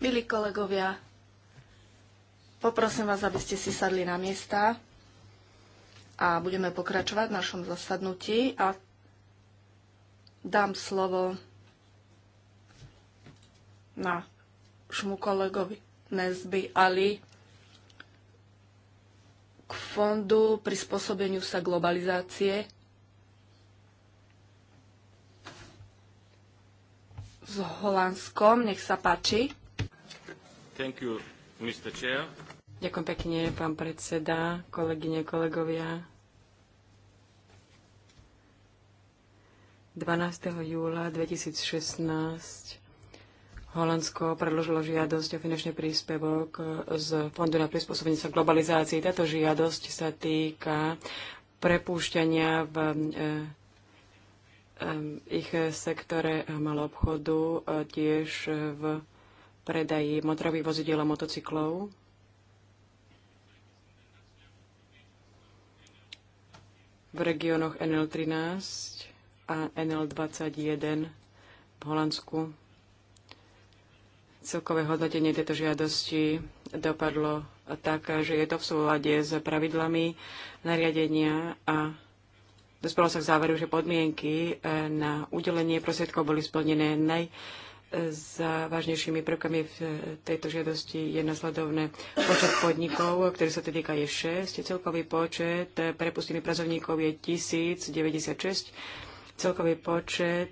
Milí kolegovia, poprosím vás, aby ste si sadli na miesta a budeme pokračovať v našom zasadnutí a dám slovo nášmu kolegovi Nesby Ali k fondu prispôsobeniu sa globalizácie s Holandskom. Nech sa páči. Thank you, Mr. Chair. Ďakujem pekne, pán predseda, kolegyne, kolegovia. 12. júla 2016 Holandsko predložilo žiadosť o finančný príspevok z Fondu na prispôsobenie sa globalizácii. Táto žiadosť sa týka prepúšťania v e, Ehm, ich eh, sektore eh, malého obchodu, eh, tiež v predaji motorových vozidiel a motocyklov. v regiónoch NL13 a NL21 v Holandsku. Celkové hodnotenie tejto žiadosti dopadlo tak, že je to v súlade s pravidlami nariadenia a dospelo sa k záveru, že podmienky eh, na udelenie prostriedkov boli splnené naj prvkami v eh, tejto žiadosti je nasledovné počet podnikov, eh, ktorý sa týka je 6, celkový počet prepustených pracovníkov je 1096, celkový počet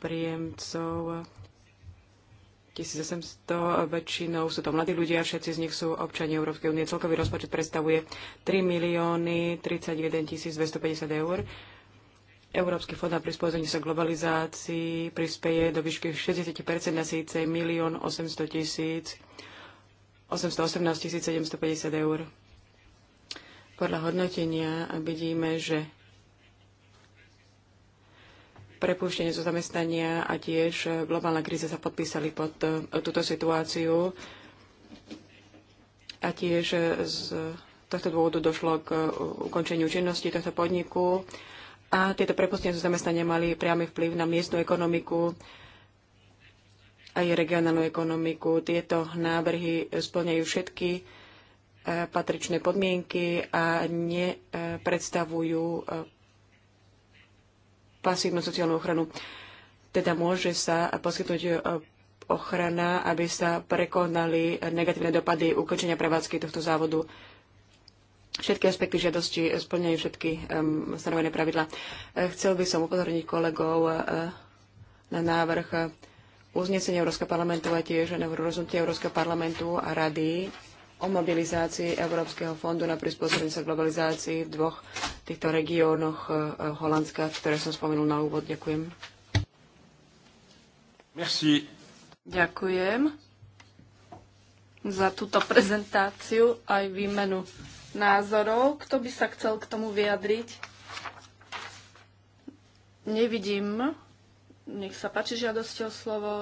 príjemcov 1800, väčšinou sú to mladí ľudia, všetci z nich sú občania Európskej únie. Celkový rozpočet predstavuje 3 milióny 31 250 eur. Európsky fond na prispôsobenie sa globalizácii prispieje do výšky 60 na síce 1 800 tisíc 750 eur. Podľa hodnotenia vidíme, že prepuštenie zo zamestnania a tiež e, globálna kríza sa podpísali pod e, túto situáciu a tiež e, z tohto dôvodu došlo k ukončeniu činnosti tohto podniku a tieto prepustenia zo zamestnania mali priamy vplyv na miestnu ekonomiku aj regionálnu ekonomiku. Tieto návrhy splňajú všetky patričné podmienky a nepredstavujú pasívnu sociálnu ochranu. Teda môže sa poskytnúť e, ochrana, aby sa prekonali negatívne dopady ukončenia prevádzky tohto závodu. Všetky aspekty žiadosti splňajú všetky um, stanovené pravidla. E, chcel by som upozorniť kolegov uh, na návrh uznesenia Európskeho parlamentu a tiež na rozhodnutie Európskeho parlamentu a rady o mobilizácii Európskeho fondu na prispôsobenie sa globalizácii v dvoch týchto regiónoch eh, eh, Holandska, ktoré som spomenul na úvod. Ďakujem. Merci. Ďakujem za túto prezentáciu aj výmenu názorov. Kto by sa chcel k tomu vyjadriť? Nevidím. Nech sa páči žiadosť o slovo.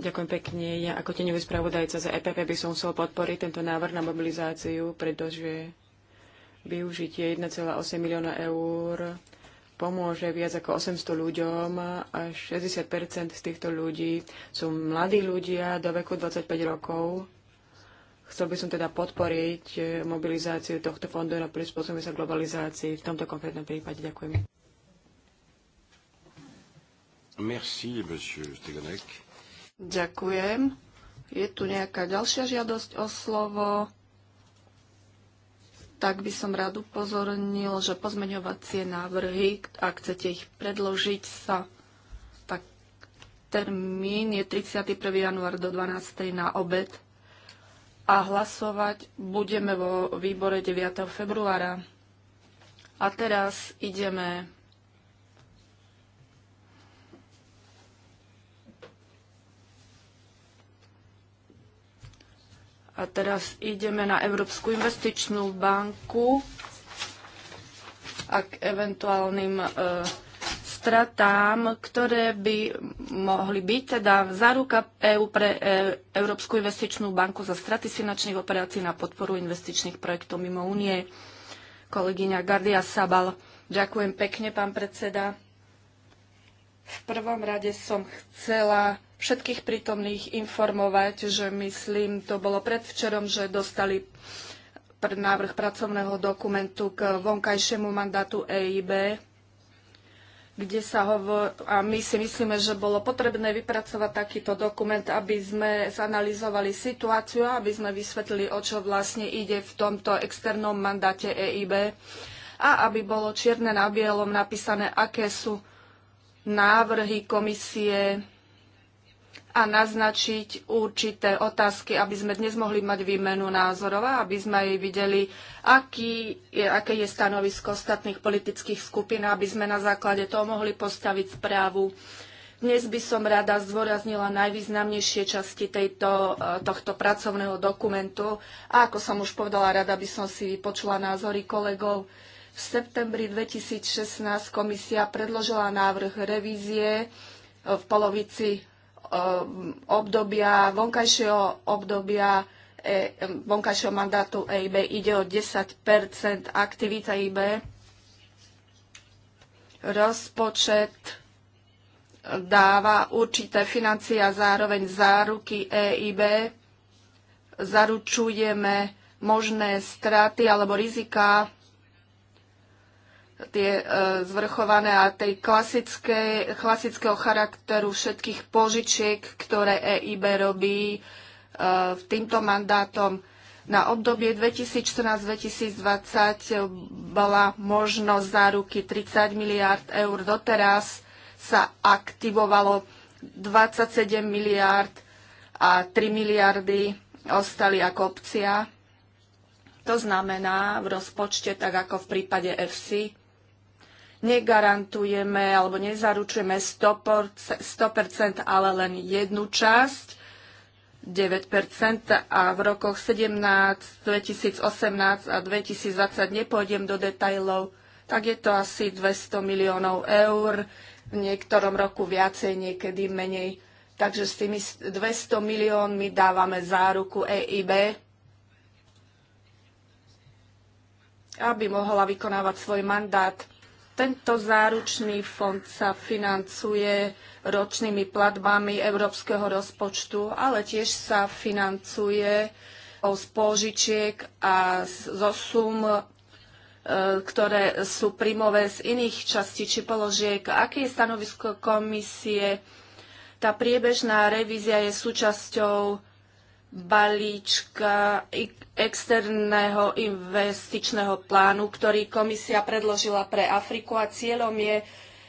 Ďakujem pekne. Ja ako teňový spravodajca za EPP by som chcel podporiť tento návrh na mobilizáciu, pretože využitie 1,8 milióna eur pomôže viac ako 800 ľuďom a 60 z týchto ľudí sú mladí ľudia do veku 25 rokov. Chcel by som teda podporiť mobilizáciu tohto fondu na prispôsobenie sa globalizácii v tomto konkrétnom prípade. Ďakujem. Merci, monsieur Steganek. Ďakujem. Je tu nejaká ďalšia žiadosť o slovo? Tak by som rád upozornil, že pozmeňovacie návrhy, ak chcete ich predložiť, sa tak termín je 31. január do 12. na obed a hlasovať budeme vo výbore 9. februára. A teraz ideme A teraz ideme na Európsku investičnú banku a k eventuálnym e, stratám, ktoré by mohli byť. Teda záruka EÚ pre e, Európsku investičnú banku za straty finančných operácií na podporu investičných projektov mimo únie. Kolegyňa Gardia Sabal. Ďakujem pekne, pán predseda. V prvom rade som chcela všetkých prítomných informovať, že myslím, to bolo predvčerom, že dostali návrh pracovného dokumentu k vonkajšiemu mandátu EIB, kde sa hovor... a my si myslíme, že bolo potrebné vypracovať takýto dokument, aby sme zanalizovali situáciu, aby sme vysvetlili, o čo vlastne ide v tomto externom mandáte EIB a aby bolo čierne na bielom napísané, aké sú návrhy komisie a naznačiť určité otázky, aby sme dnes mohli mať výmenu názorov a aby sme aj videli, aký je, aké je stanovisko ostatných politických skupín, aby sme na základe toho mohli postaviť správu. Dnes by som rada zdôraznila najvýznamnejšie časti tejto, e, tohto pracovného dokumentu a ako som už povedala, rada by som si vypočula názory kolegov. V septembri 2016 komisia predložila návrh revízie v polovici Eh, obdobia, vonkajšieho obdobia eh, vonkajšieho mandátu EIB ide o 10 aktivít EIB. Rozpočet dáva určité financie a zároveň záruky EIB. Zaručujeme možné straty alebo rizika tie e, zvrchované a tej klasické, klasického charakteru všetkých požičiek, ktoré EIB robí e, týmto mandátom. Na obdobie 2014-2020 bola možnosť záruky 30 miliárd eur. Doteraz sa aktivovalo 27 miliárd a 3 miliardy ostali ako opcia. To znamená v rozpočte, tak ako v prípade FC, negarantujeme alebo nezaručujeme 100%, 100% ale len jednu časť, 9% a v rokoch 17, 2018 a 2020 nepôjdem do detajlov, tak je to asi 200 miliónov eur, v niektorom roku viacej, niekedy menej. Takže s tými 200 miliónmi dávame záruku EIB, aby mohla vykonávať svoj mandát. Tento záručný fond sa financuje ročnými platbami európskeho rozpočtu, ale tiež sa financuje z pôžičiek a zo sum, e, ktoré sú príjmové z iných častí či položiek. Aké je stanovisko komisie? Tá priebežná revízia je súčasťou balíčka externého investičného plánu, ktorý komisia predložila pre Afriku a cieľom je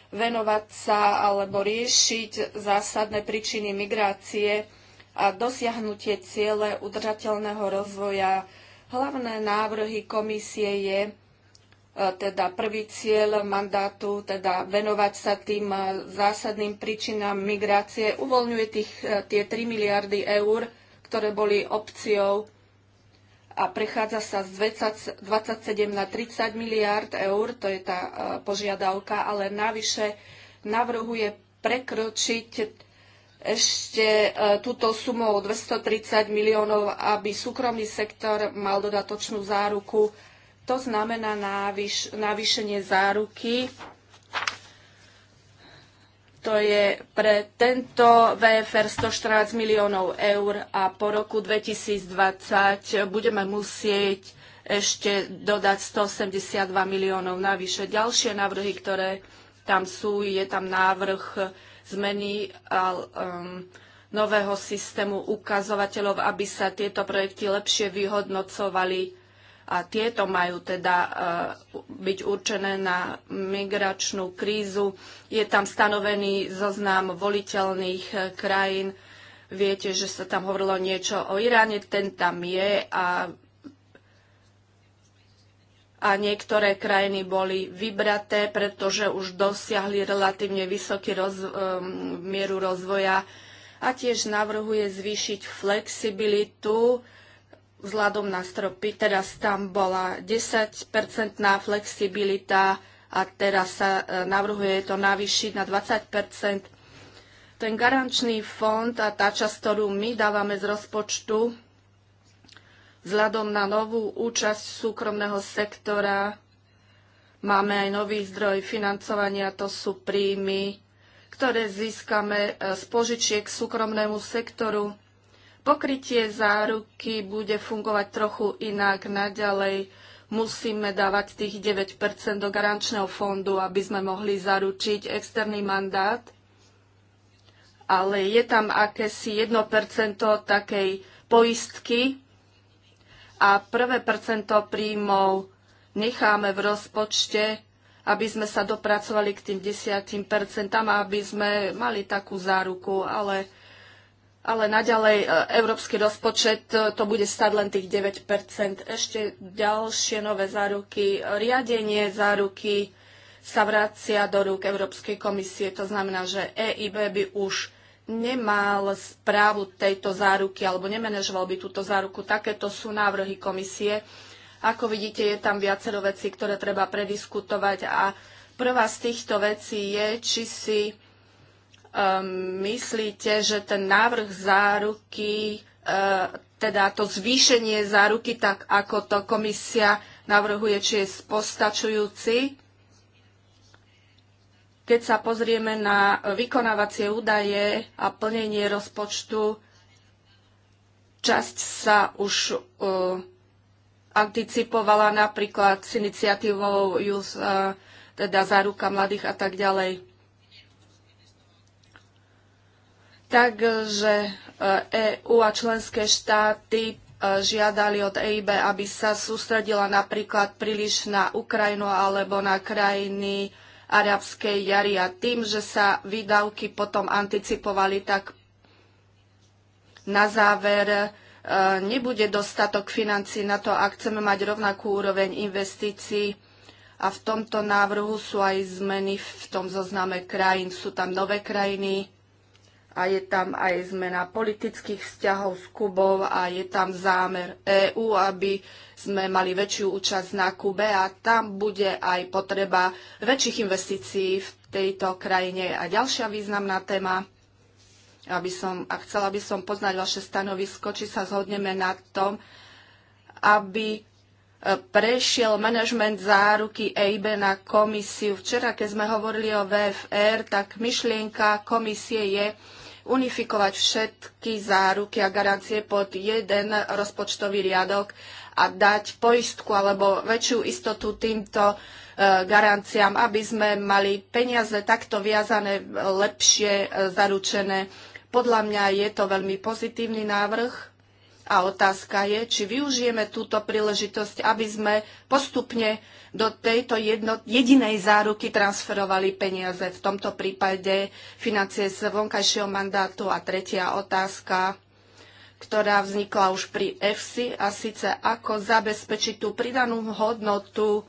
venovať sa alebo riešiť zásadné príčiny migrácie a dosiahnutie ciele udržateľného rozvoja. Hlavné návrhy komisie je e, teda prvý cieľ mandátu, teda venovať sa tým e, zásadným príčinám migrácie, uvoľňuje tých, e, tie 3 miliardy eur, ktoré boli opciou a prechádza sa z 20, 27 na 30 miliárd eur, to je tá e, požiadavka, ale navyše navrhuje prekročiť ešte e, túto sumu 230 miliónov, aby súkromný sektor mal dodatočnú záruku. To znamená navýšenie záruky to je pre tento VFR 114 miliónov eur a po roku 2020 budeme musieť ešte dodať 182 miliónov navyše. Ďalšie návrhy, ktoré tam sú, je tam návrh zmeny a, um, nového systému ukazovateľov, aby sa tieto projekty lepšie vyhodnocovali a tieto majú teda eh, byť určené na migračnú krízu. Je tam stanovený zoznam voliteľných eh, krajín. Viete, že sa tam hovorilo niečo o Iráne, ten tam je a, a niektoré krajiny boli vybraté, pretože už dosiahli relatívne vysoký eh, mieru rozvoja a tiež navrhuje zvýšiť flexibilitu vzhľadom na stropy, teraz tam bola 10-percentná flexibilita a teraz sa e, navrhuje to navýšiť na 20 Ten garančný fond a tá časť, ktorú my dávame z rozpočtu, vzhľadom na novú účasť súkromného sektora, máme aj nový zdroj financovania, to sú príjmy, ktoré získame e, z požičiek súkromnému sektoru Pokrytie záruky bude fungovať trochu inak naďalej. Musíme dávať tých 9 do garančného fondu, aby sme mohli zaručiť externý mandát, ale je tam akési 1 takej poistky a prvé percento príjmov necháme v rozpočte, aby sme sa dopracovali k tým 10 aby sme mali takú záruku, ale ale naďalej e, európsky rozpočet e, to bude stať len tých 9 Ešte ďalšie nové záruky, riadenie záruky sa vracia do rúk Európskej komisie. To znamená, že EIB by už nemal správu tejto záruky alebo nemenežoval by túto záruku. Takéto sú návrhy komisie. Ako vidíte, je tam viacero vecí, ktoré treba prediskutovať a prvá z týchto vecí je, či si Ehm, myslíte, že ten návrh záruky, eh, teda to zvýšenie záruky, tak ako to komisia navrhuje, či je postačujúci? Keď sa pozrieme na vykonávacie údaje a plnenie rozpočtu, časť sa už uh, anticipovala napríklad s iniciatívou uh, teda záruka mladých a tak ďalej. Takže EU e a členské štáty e, žiadali od EIB, aby sa sústredila napríklad príliš na Ukrajinu alebo na krajiny arabskej jary a tým, že sa výdavky potom anticipovali, tak na záver e, nebude dostatok financí na to, ak chceme mať rovnakú úroveň investícií. A v tomto návrhu sú aj zmeny v tom zozname krajín. Sú tam nové krajiny, a je tam aj zmena politických vzťahov s Kubou a je tam zámer EÚ, aby sme mali väčšiu účasť na Kube a tam bude aj potreba väčších investícií v tejto krajine. A ďalšia významná téma, aby som, a chcela by som poznať vaše stanovisko, či sa zhodneme na tom, aby e, prešiel manažment záruky EIB na komisiu. Včera, keď sme hovorili o VFR, tak myšlienka komisie je, unifikovať všetky záruky a garancie pod jeden rozpočtový riadok a dať poistku alebo väčšiu istotu týmto e, garanciám, aby sme mali peniaze takto viazané, lepšie e, zaručené. Podľa mňa je to veľmi pozitívny návrh a otázka je, či využijeme túto príležitosť, aby sme postupne do tejto jedno, jedinej záruky transferovali peniaze, v tomto prípade financie z vonkajšieho mandátu. A tretia otázka, ktorá vznikla už pri EFSI, a síce ako zabezpečiť tú pridanú hodnotu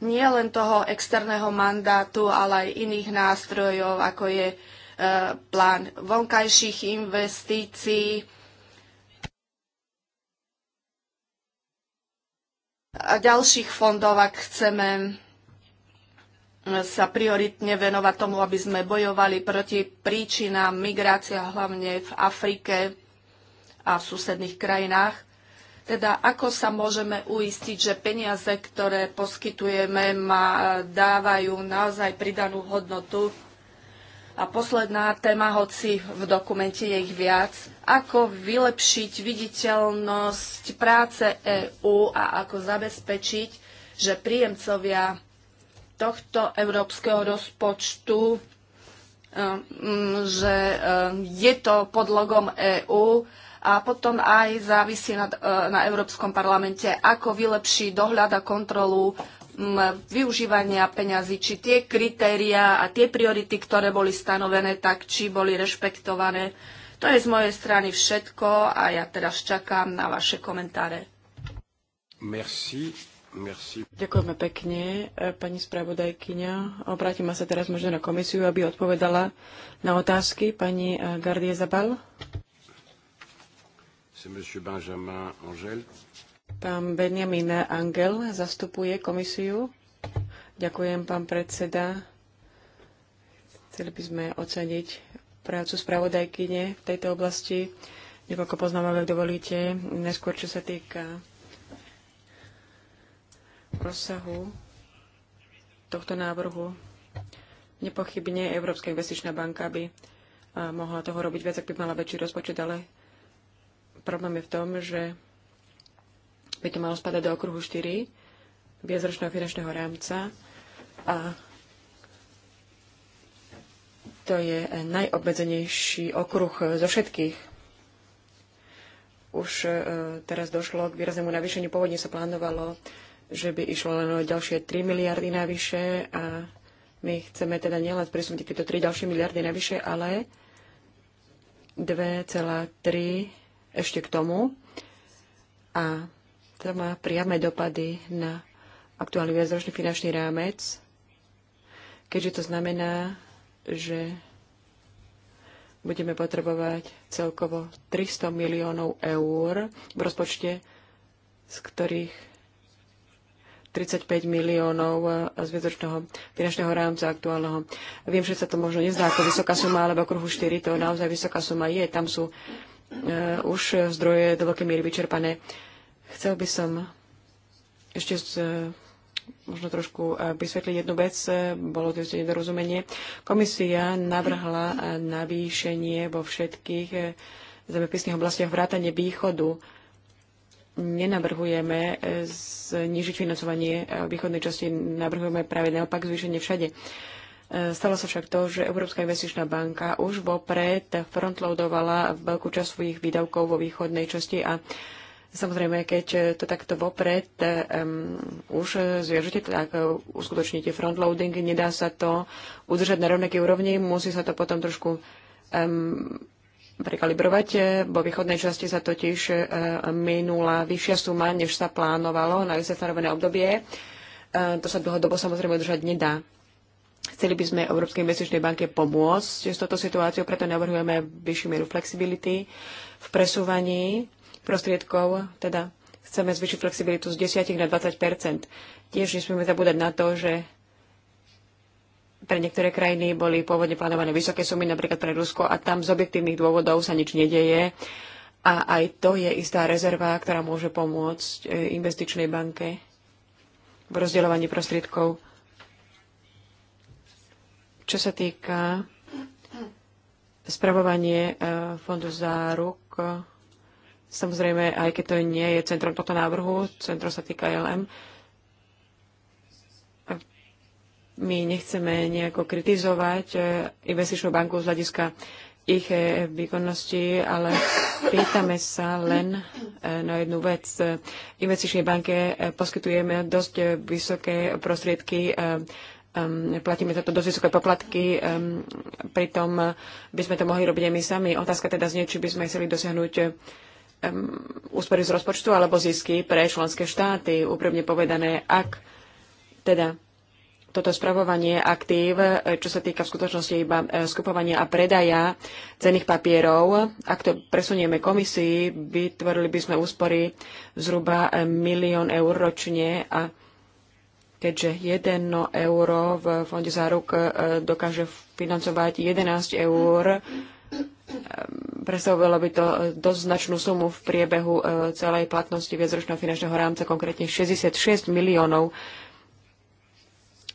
nielen toho externého mandátu, ale aj iných nástrojov, ako je e, plán vonkajších investícií, a ďalších fondov, ak chceme sa prioritne venovať tomu, aby sme bojovali proti príčinám migrácia, hlavne v Afrike a v susedných krajinách. Teda ako sa môžeme uistiť, že peniaze, ktoré poskytujeme, ma dávajú naozaj pridanú hodnotu a posledná téma, hoci v dokumente je ich viac, ako vylepšiť viditeľnosť práce EÚ a ako zabezpečiť, že príjemcovia tohto európskeho rozpočtu, eh, mm, že eh, je to pod logom EÚ a potom aj závisí na, eh, na Európskom parlamente, ako vylepší dohľad a kontrolu využívania peňazí, či tie kritéria a tie priority, ktoré boli stanovené, tak či boli rešpektované. To je z mojej strany všetko a ja teraz čakám na vaše komentáre. Merci. Merci. Ďakujeme pekne, e, pani spravodajkyňa. Obrátime sa teraz možno na komisiu, aby odpovedala na otázky. Pani e, Gardie Zabal. C'est monsieur Benjamin Angel. Pán Benjamin Angel zastupuje komisiu. Ďakujem, pán predseda. Chceli by sme oceniť prácu spravodajkyne v tejto oblasti. Niekoľko poznámok, ak dovolíte. Neskôr, čo sa týka rozsahu tohto návrhu. Nepochybne Európska investičná banka by mohla toho robiť viac, ak by mala väčší rozpočet, ale problém je v tom, že by to malo spadať do okruhu 4 viacročného finančného rámca a to je najobmedzenejší okruh zo všetkých. Už e, teraz došlo k výraznému navýšeniu. Pôvodne sa plánovalo, že by išlo len o ďalšie 3 miliardy navyše a my chceme teda nielen presunúť tieto 3 ďalšie miliardy navyše, ale 2,3 ešte k tomu. A to má priame dopady na aktuálny viacročný finančný rámec, keďže to znamená, že budeme potrebovať celkovo 300 miliónov eur v rozpočte, z ktorých 35 miliónov z viedzočného finančného rámca aktuálneho. Viem, že sa to možno nezdá ako vysoká suma, ale v okruhu 4 to naozaj vysoká suma je. Tam sú e, už zdroje do veľkej miery vyčerpané. Chcel by som ešte z, e, možno trošku e, vysvetliť jednu vec, e, bolo to ešte nedorozumenie. Komisia navrhla navýšenie vo všetkých zemepisných oblastiach vrátane východu. Nenavrhujeme znižiť financovanie východnej časti, navrhujeme práve naopak zvýšenie všade. Stalo sa však to, že Európska investičná banka už vopred frontloadovala veľkú časť svojich výdavkov vo východnej časti a Samozrejme, keď to takto vopred um, už zviažete, tak uskutočníte frontloading, nedá sa to udržať na rovnakej úrovni, musí sa to potom trošku um, prekalibrovať. Vo východnej časti sa totiž uh, minula vyššia suma, než sa plánovalo na isté stanovené obdobie. Uh, to sa dlhodobo samozrejme udržať nedá. Chceli by sme Európskej investičnej banke pomôcť s touto situáciou, preto navrhujeme vyššiu mieru flexibility v presúvaní prostriedkov, teda chceme zvyšiť flexibilitu z 10 na 20 Tiež nesmieme zabúdať na to, že pre niektoré krajiny boli pôvodne plánované vysoké sumy, napríklad pre Rusko, a tam z objektívnych dôvodov sa nič nedeje. A aj to je istá rezerva, ktorá môže pomôcť e, investičnej banke v rozdeľovaní prostriedkov. Čo sa týka spravovanie e, fondu záruk, Samozrejme, aj keď to nie je centrom tohto návrhu, centro sa týka LM, my nechceme nejako kritizovať e, investičnú banku z hľadiska ich e, výkonnosti, ale pýtame sa len e, na jednu vec. Investičnej banke poskytujeme dosť vysoké prostriedky, platíme za to dosť vysoké poplatky, pritom by sme to mohli robiť aj my sami. Otázka teda znie, či by sme chceli dosiahnuť úspory z rozpočtu alebo zisky pre členské štáty. Úprimne povedané, ak teda toto spravovanie aktív, e, čo sa týka v skutočnosti iba e, skupovania a predaja cených papierov. Ak to presunieme komisii, vytvorili by sme úspory zhruba e, milión eur ročne a keďže 1 euro v fonde záruk dokáže financovať 11 eur, mm Ehm, predstavovalo by to eh, dosť značnú sumu v priebehu eh, celej platnosti viacročného finančného rámca, konkrétne 66 miliónov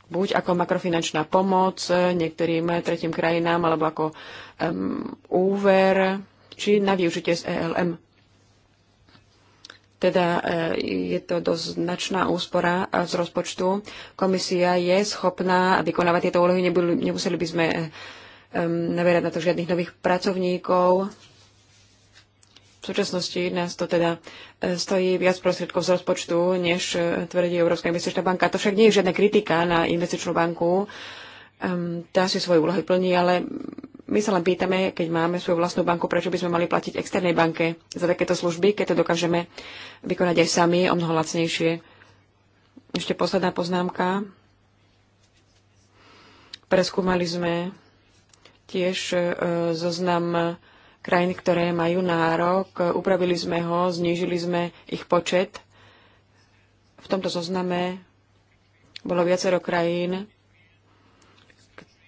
buď ako makrofinančná pomoc eh, niektorým tretím krajinám, alebo ako um, úver, či na využitie z ELM. Teda je to dosť značná úspora z rozpočtu. Komisia je schopná vykonávať tieto úlohy, nemuseli by sme naberať na to žiadnych nových pracovníkov. V súčasnosti nás to teda e, stojí viac prostriedkov z rozpočtu, než e, tvrdí Európska investičná banka. To však nie je žiadna kritika na investičnú banku. Um, tá si svoje úlohy plní, ale my sa len pýtame, keď máme svoju vlastnú banku, prečo by sme mali platiť externej banke za takéto služby, keď to dokážeme vykonať aj sami, o mnoho lacnejšie. Ešte posledná poznámka. Preskúmali sme tiež e, zoznam e, krajín, ktoré majú nárok. Upravili sme ho, znížili sme ich počet. V tomto zozname bolo viacero krajín,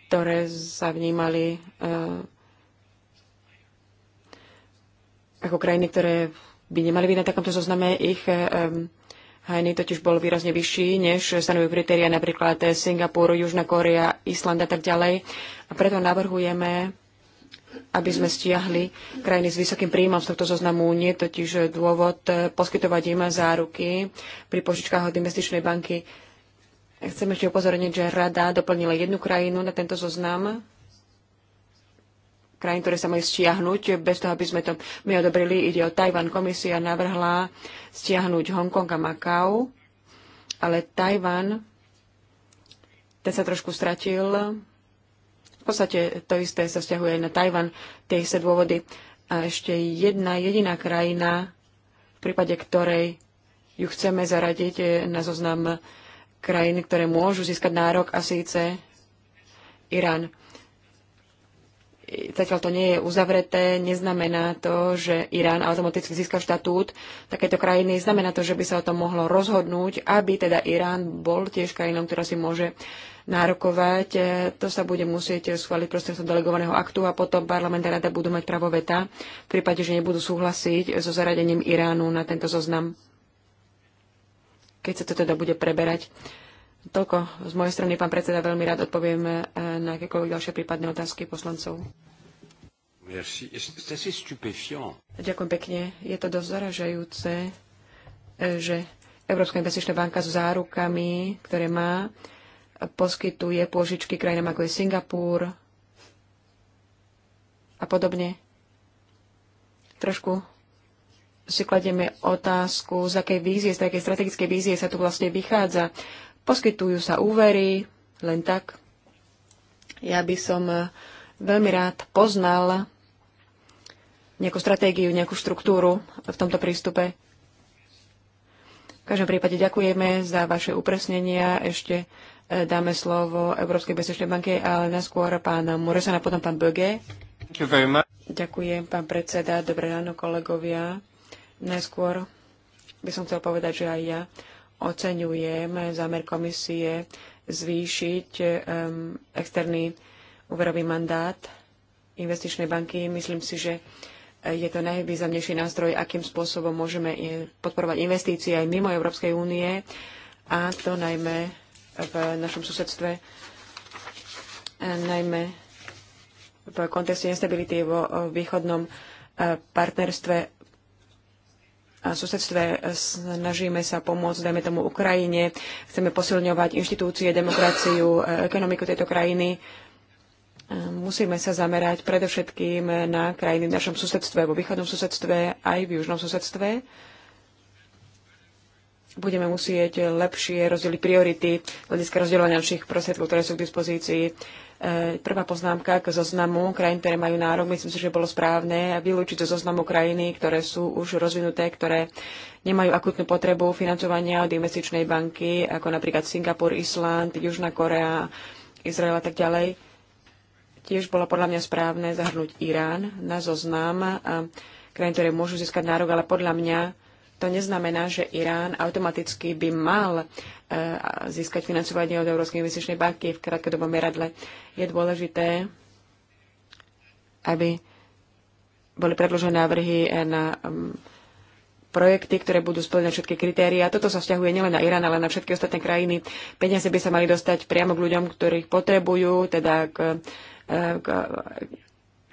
ktoré sa vnímali e, ako krajiny, ktoré by nemali byť na takomto zozname, ich Hajný totiž bol výrazne vyšší, než stanovujú kritéria napríklad Singapur, Južná Kória, Island a tak ďalej. A preto navrhujeme, aby sme stiahli krajiny s vysokým príjmom z tohto zoznamu. Nie totiž dôvod poskytovať im záruky pri požičkách od investičnej banky. Chcem ešte upozorniť, že rada doplnila jednu krajinu na tento zoznam krajín, ktoré sa majú stiahnuť, bez toho, aby sme to my odobrili. Ide o Tajvan. Komisia navrhla stiahnuť Hongkong a Makau, ale Tajvan, ten sa trošku stratil. V podstate to isté sa stiahuje aj na Tajvan, tie isté dôvody. A ešte jedna jediná krajina, v prípade ktorej ju chceme zaradiť e, na zoznam krajín, ktoré môžu získať nárok, a síce Irán zatiaľ to nie je uzavreté, neznamená to, že Irán automaticky získa štatút takéto krajiny. Znamená to, že by sa o tom mohlo rozhodnúť, aby teda Irán bol tiež krajinou, ktorá si môže nárokovať. To sa bude musieť schváliť prostredstvom delegovaného aktu a potom parlament a rada budú mať právo veta v prípade, že nebudú súhlasiť so zaradením Iránu na tento zoznam keď sa to teda bude preberať Toľko z mojej strany, pán predseda, veľmi rád odpoviem eh, na akékoľvek ďalšie prípadné otázky poslancov. Merci. Ďakujem pekne. Je to dosť zaražajúce, eh, že Európska investičná banka s zárukami, ktoré má, poskytuje pôžičky krajinám ako je Singapur a podobne. Trošku si kladieme otázku, z akej vízie, z akej strategickej vízie sa tu vlastne vychádza Poskytujú sa úvery len tak. Ja by som eh, veľmi rád poznal nejakú stratégiu, nejakú štruktúru v tomto prístupe. V každom prípade ďakujeme za vaše upresnenia. Ešte eh, dáme slovo Európskej bezpečnej banke, ale neskôr pána Muresa a potom pán Böge. Ďakujem, pán predseda. Dobré ráno, kolegovia. Najskôr by som chcel povedať, že aj ja oceňujem zámer komisie zvýšiť externý úverový mandát investičnej banky. Myslím si, že je to najvýznamnejší nástroj, akým spôsobom môžeme podporovať investície aj mimo Európskej únie a to najmä v našom susedstve, najmä v kontexte nestability vo východnom e, partnerstve susedstve. E, snažíme sa pomôcť, dajme tomu, Ukrajine. Chceme posilňovať inštitúcie, demokraciu, e, ekonomiku tejto krajiny. E, musíme sa zamerať predovšetkým na krajiny v našom susedstve, vo východnom susedstve, aj v južnom susedstve budeme musieť lepšie rozdeliť priority hľadiska rozdeľovania našich prostriedkov, ktoré sú k dispozícii. E, prvá poznámka k zoznamu krajín, ktoré majú nárok. Myslím si, že bolo správne vylúčiť zo zoznamu krajiny, ktoré sú už rozvinuté, ktoré nemajú akutnú potrebu financovania od investičnej banky, ako napríklad Singapur, Island, Južná Korea, Izrael a tak ďalej. Tiež bolo podľa mňa správne zahrnúť Irán na zoznam krajín, ktoré môžu získať nárok, ale podľa mňa to neznamená, že Irán automaticky by mal e, získať financovanie od Európskej investičnej banky v krátkodobom meradle. Je dôležité, aby boli predložené návrhy na projekty, ktoré budú splňať všetky kritéria. Toto sa vzťahuje nielen na Irán, ale na všetky ostatné krajiny. Peniaze by sa mali dostať priamo k ľuďom, ktorých potrebujú, teda k, e, k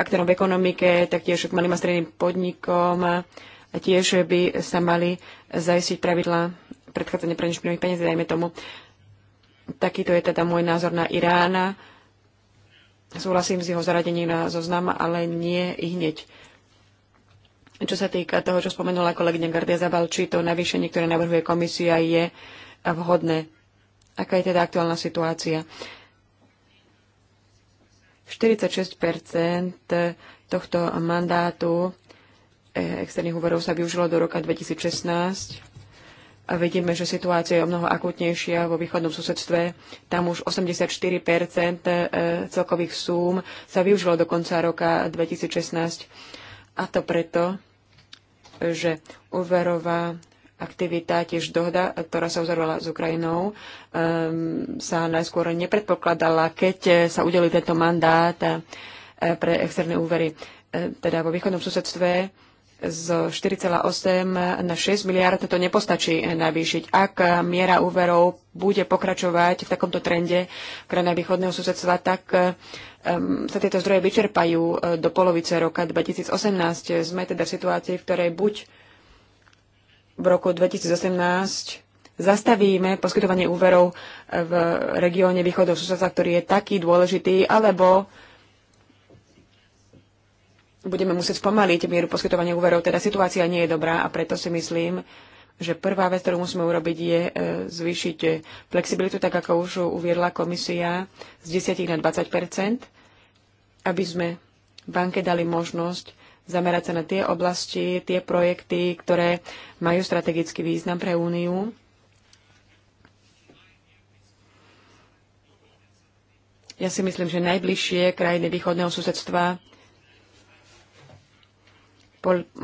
aktérom v ekonomike, taktiež k malým a stredným podnikom, a tiež by sa mali zajistiť pravidlá predchádzania pre špinavých peniazí, dajme tomu. Takýto je teda môj názor na Irána. Súhlasím s jeho zaradením na zoznam, ale nie i hneď. Čo sa týka toho, čo spomenula kolegyňa Gardia Zabal, či to navýšenie, ktoré navrhuje komisia, je vhodné. Aká je teda aktuálna situácia? 46 tohto mandátu E, externých úverov sa využilo do roka 2016 a vidíme, že situácia je o mnoho akutnejšia vo východnom susedstve. Tam už 84 e, celkových súm sa využilo do konca roka 2016. A to preto, že úverová aktivita, tiež dohoda, ktorá sa uzavrela s Ukrajinou, ehm, sa najskôr nepredpokladala, keď e, sa udeli tento mandát pre externé úvery. Teda vo východnom susedstve z 4,8 na 6 miliard to nepostačí navýšiť. Ak miera úverov bude pokračovať v takomto trende v východného susedstva, tak sa tieto zdroje vyčerpajú e, do polovice roka 2018. Sme teda v situácii, v ktorej buď v roku 2018 zastavíme poskytovanie úverov v regióne východného susedstva, ktorý je taký dôležitý, alebo budeme musieť spomaliť mieru poskytovania úverov. Teda situácia nie je dobrá a preto si myslím, že prvá vec, ktorú musíme urobiť, je e, zvýšiť flexibilitu, tak ako už uviedla komisia, z 10 na 20 aby sme banke dali možnosť zamerať sa na tie oblasti, tie projekty, ktoré majú strategický význam pre Úniu. Ja si myslím, že najbližšie krajiny východného susedstva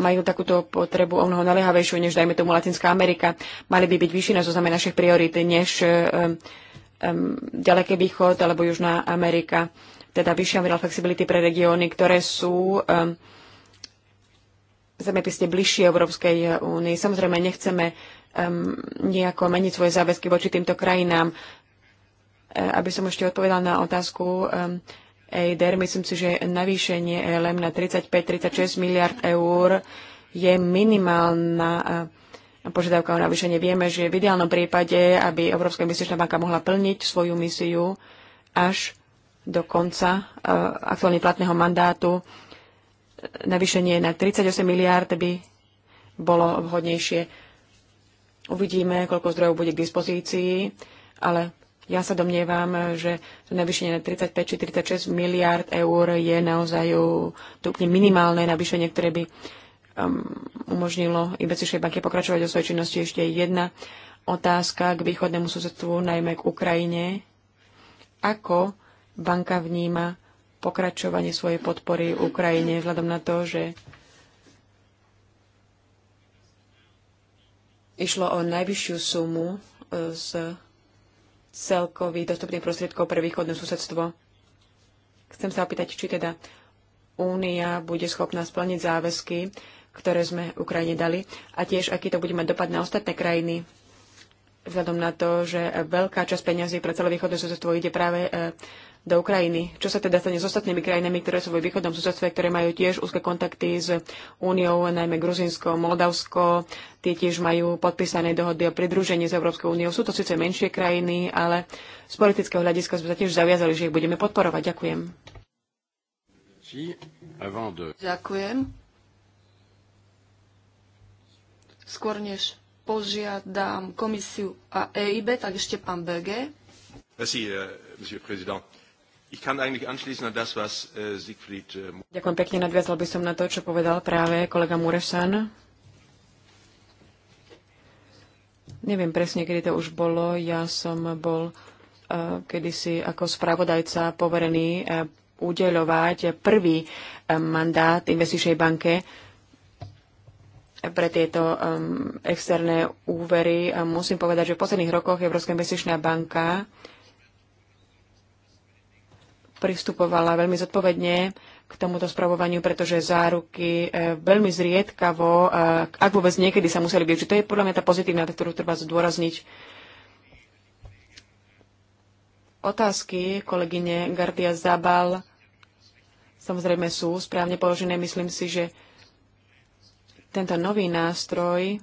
majú takúto potrebu o mnoho naliehavejšiu, než dajme tomu Latinská Amerika. Mali by byť vyššie na zozname našich priorít, než um, e, um, e, ďaleký východ alebo Južná Amerika. Teda vyššia miera flexibility pre regióny, ktoré sú um, zemepisne bližšie Európskej únii. Samozrejme, nechceme um, nejako meniť svoje záväzky voči týmto krajinám. E, aby som ešte odpovedala na otázku um, EIDR. Myslím si, že navýšenie ELM na 35-36 miliard eur je minimálna eh, požiadavka o navýšenie. Vieme, že v ideálnom prípade, aby Európska investičná banka mohla plniť svoju misiu až do konca eh, aktuálne platného mandátu, navýšenie na 38 miliard by bolo vhodnejšie. Uvidíme, koľko zdrojov bude k dispozícii, ale ja sa domnievam, že to navýšenie na 35 či 36 miliard eur je naozaj úplne minimálne navýšenie, ktoré by um, umožnilo investičnej banke pokračovať o svojej činnosti. Ešte jedna otázka k východnému susedstvu, najmä k Ukrajine. Ako banka vníma pokračovanie svojej podpory Ukrajine vzhľadom na to, že išlo o najvyššiu sumu e, z celkových dostupných prostriedkov pre východné susedstvo. Chcem sa opýtať, či teda Únia bude schopná splniť záväzky, ktoré sme Ukrajine dali a tiež, aký to bude mať dopad na ostatné krajiny, vzhľadom na to, že veľká časť peňazí pre celé východné susedstvo ide práve e, do Ukrajiny. Čo sa teda stane s ostatnými krajinami, ktoré sú vo východnom susedstve, ktoré majú tiež úzke kontakty s Úniou, najmä Gruzinsko, Moldavsko, tie tiež majú podpísané dohody o pridružení s Európskou úniou. Sú to síce menšie krajiny, ale z politického hľadiska sme sa tiež zaviazali, že ich budeme podporovať. Ďakujem. Ďakujem. Skôr než požiadam komisiu a EIB, tak ešte pán BG. Merci, euh, monsieur le président. Äh, äh, Ďakujem pekne, nadviazal by som na to, čo povedal práve kolega Murešan. Neviem presne, kedy to už bolo. Ja som bol uh, kedysi ako spravodajca poverený uh, udeľovať prvý uh, mandát investičnej banke pre tieto um, externé úvery. A musím povedať, že v posledných rokoch Európska investičná banka uh, pristupovala veľmi zodpovedne k tomuto spravovaniu, pretože záruky e, veľmi zriedkavo, e, ak vôbec niekedy sa museli využiť. To je podľa mňa tá pozitívna, ktorú treba zdôrazniť. Otázky kolegyne Gardia Zabal samozrejme sú správne položené. Myslím si, že tento nový nástroj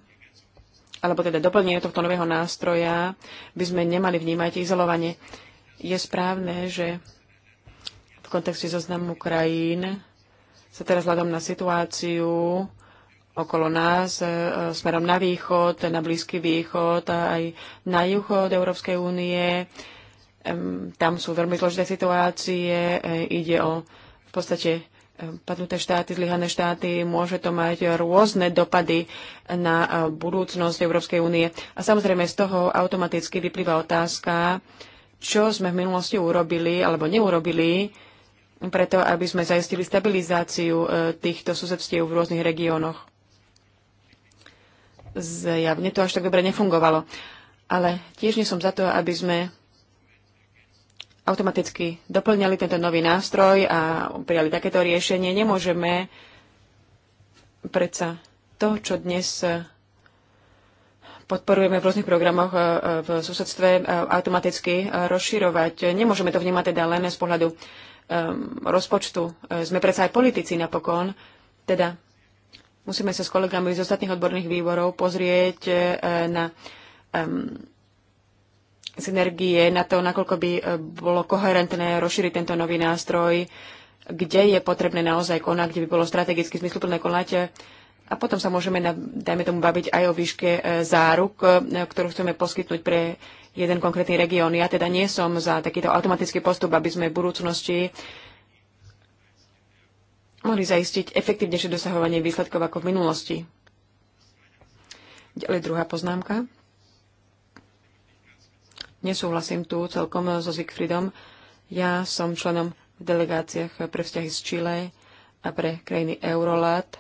alebo teda doplnenie tohto nového nástroja by sme nemali vnímať izolovanie. Je správne, že v kontexte zoznamu krajín sa teraz hľadom na situáciu okolo nás, e, smerom na východ, na Blízky východ a aj na juh od Európskej únie. Tam sú veľmi zložité situácie, e, ide o v podstate e, padnuté štáty, zlyhané štáty, môže to mať rôzne dopady na budúcnosť Európskej únie. A samozrejme z toho automaticky vyplýva otázka, čo sme v minulosti urobili alebo neurobili, preto, aby sme zajistili stabilizáciu e, týchto susedstiev v rôznych regiónoch. Zjavne to až tak dobre nefungovalo. Ale tiež nie som za to, aby sme automaticky doplňali tento nový nástroj a prijali takéto riešenie. Nemôžeme predsa to, čo dnes podporujeme v rôznych programoch e, v susedstve, e, automaticky rozširovať. Nemôžeme to vnímať teda len z pohľadu rozpočtu. E, sme predsa aj politici napokon, teda musíme sa s kolegami z ostatných odborných výborov pozrieť e, na synergie, na to, nakoľko by e, bolo koherentné rozšíriť tento nový nástroj, kde je potrebné naozaj konať, kde by bolo strategicky zmysluplné konať. A potom sa môžeme, dajme tomu, baviť aj o výške záruk, ktorú chceme poskytnúť pre jeden konkrétny región. Ja teda nie som za takýto automatický postup, aby sme v budúcnosti mohli zaistiť efektívnejšie dosahovanie výsledkov ako v minulosti. Ďalej druhá poznámka. Nesúhlasím tu celkom so Siegfriedom. Ja som členom v delegáciách pre vzťahy z Čile a pre krajiny Eurolat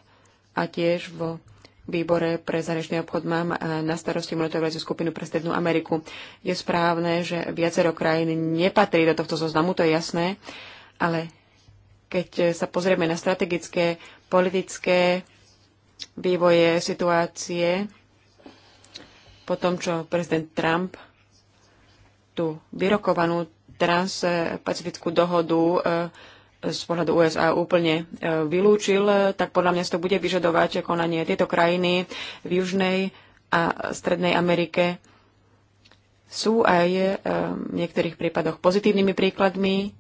a tiež vo výbore pre zahraničný obchod mám e, na starosti monitorovaciu skupinu pre Strednú Ameriku. Je správne, že viacero krajín nepatrí do tohto zoznamu, to je jasné, ale keď e, sa pozrieme na strategické, politické vývoje situácie, po tom, čo prezident Trump tú vyrokovanú transpacifickú dohodu e, z pohľadu USA úplne e, vylúčil, tak podľa mňa to bude vyžadovať konanie tieto krajiny v Južnej a Strednej Amerike sú aj e, v niektorých prípadoch pozitívnymi príkladmi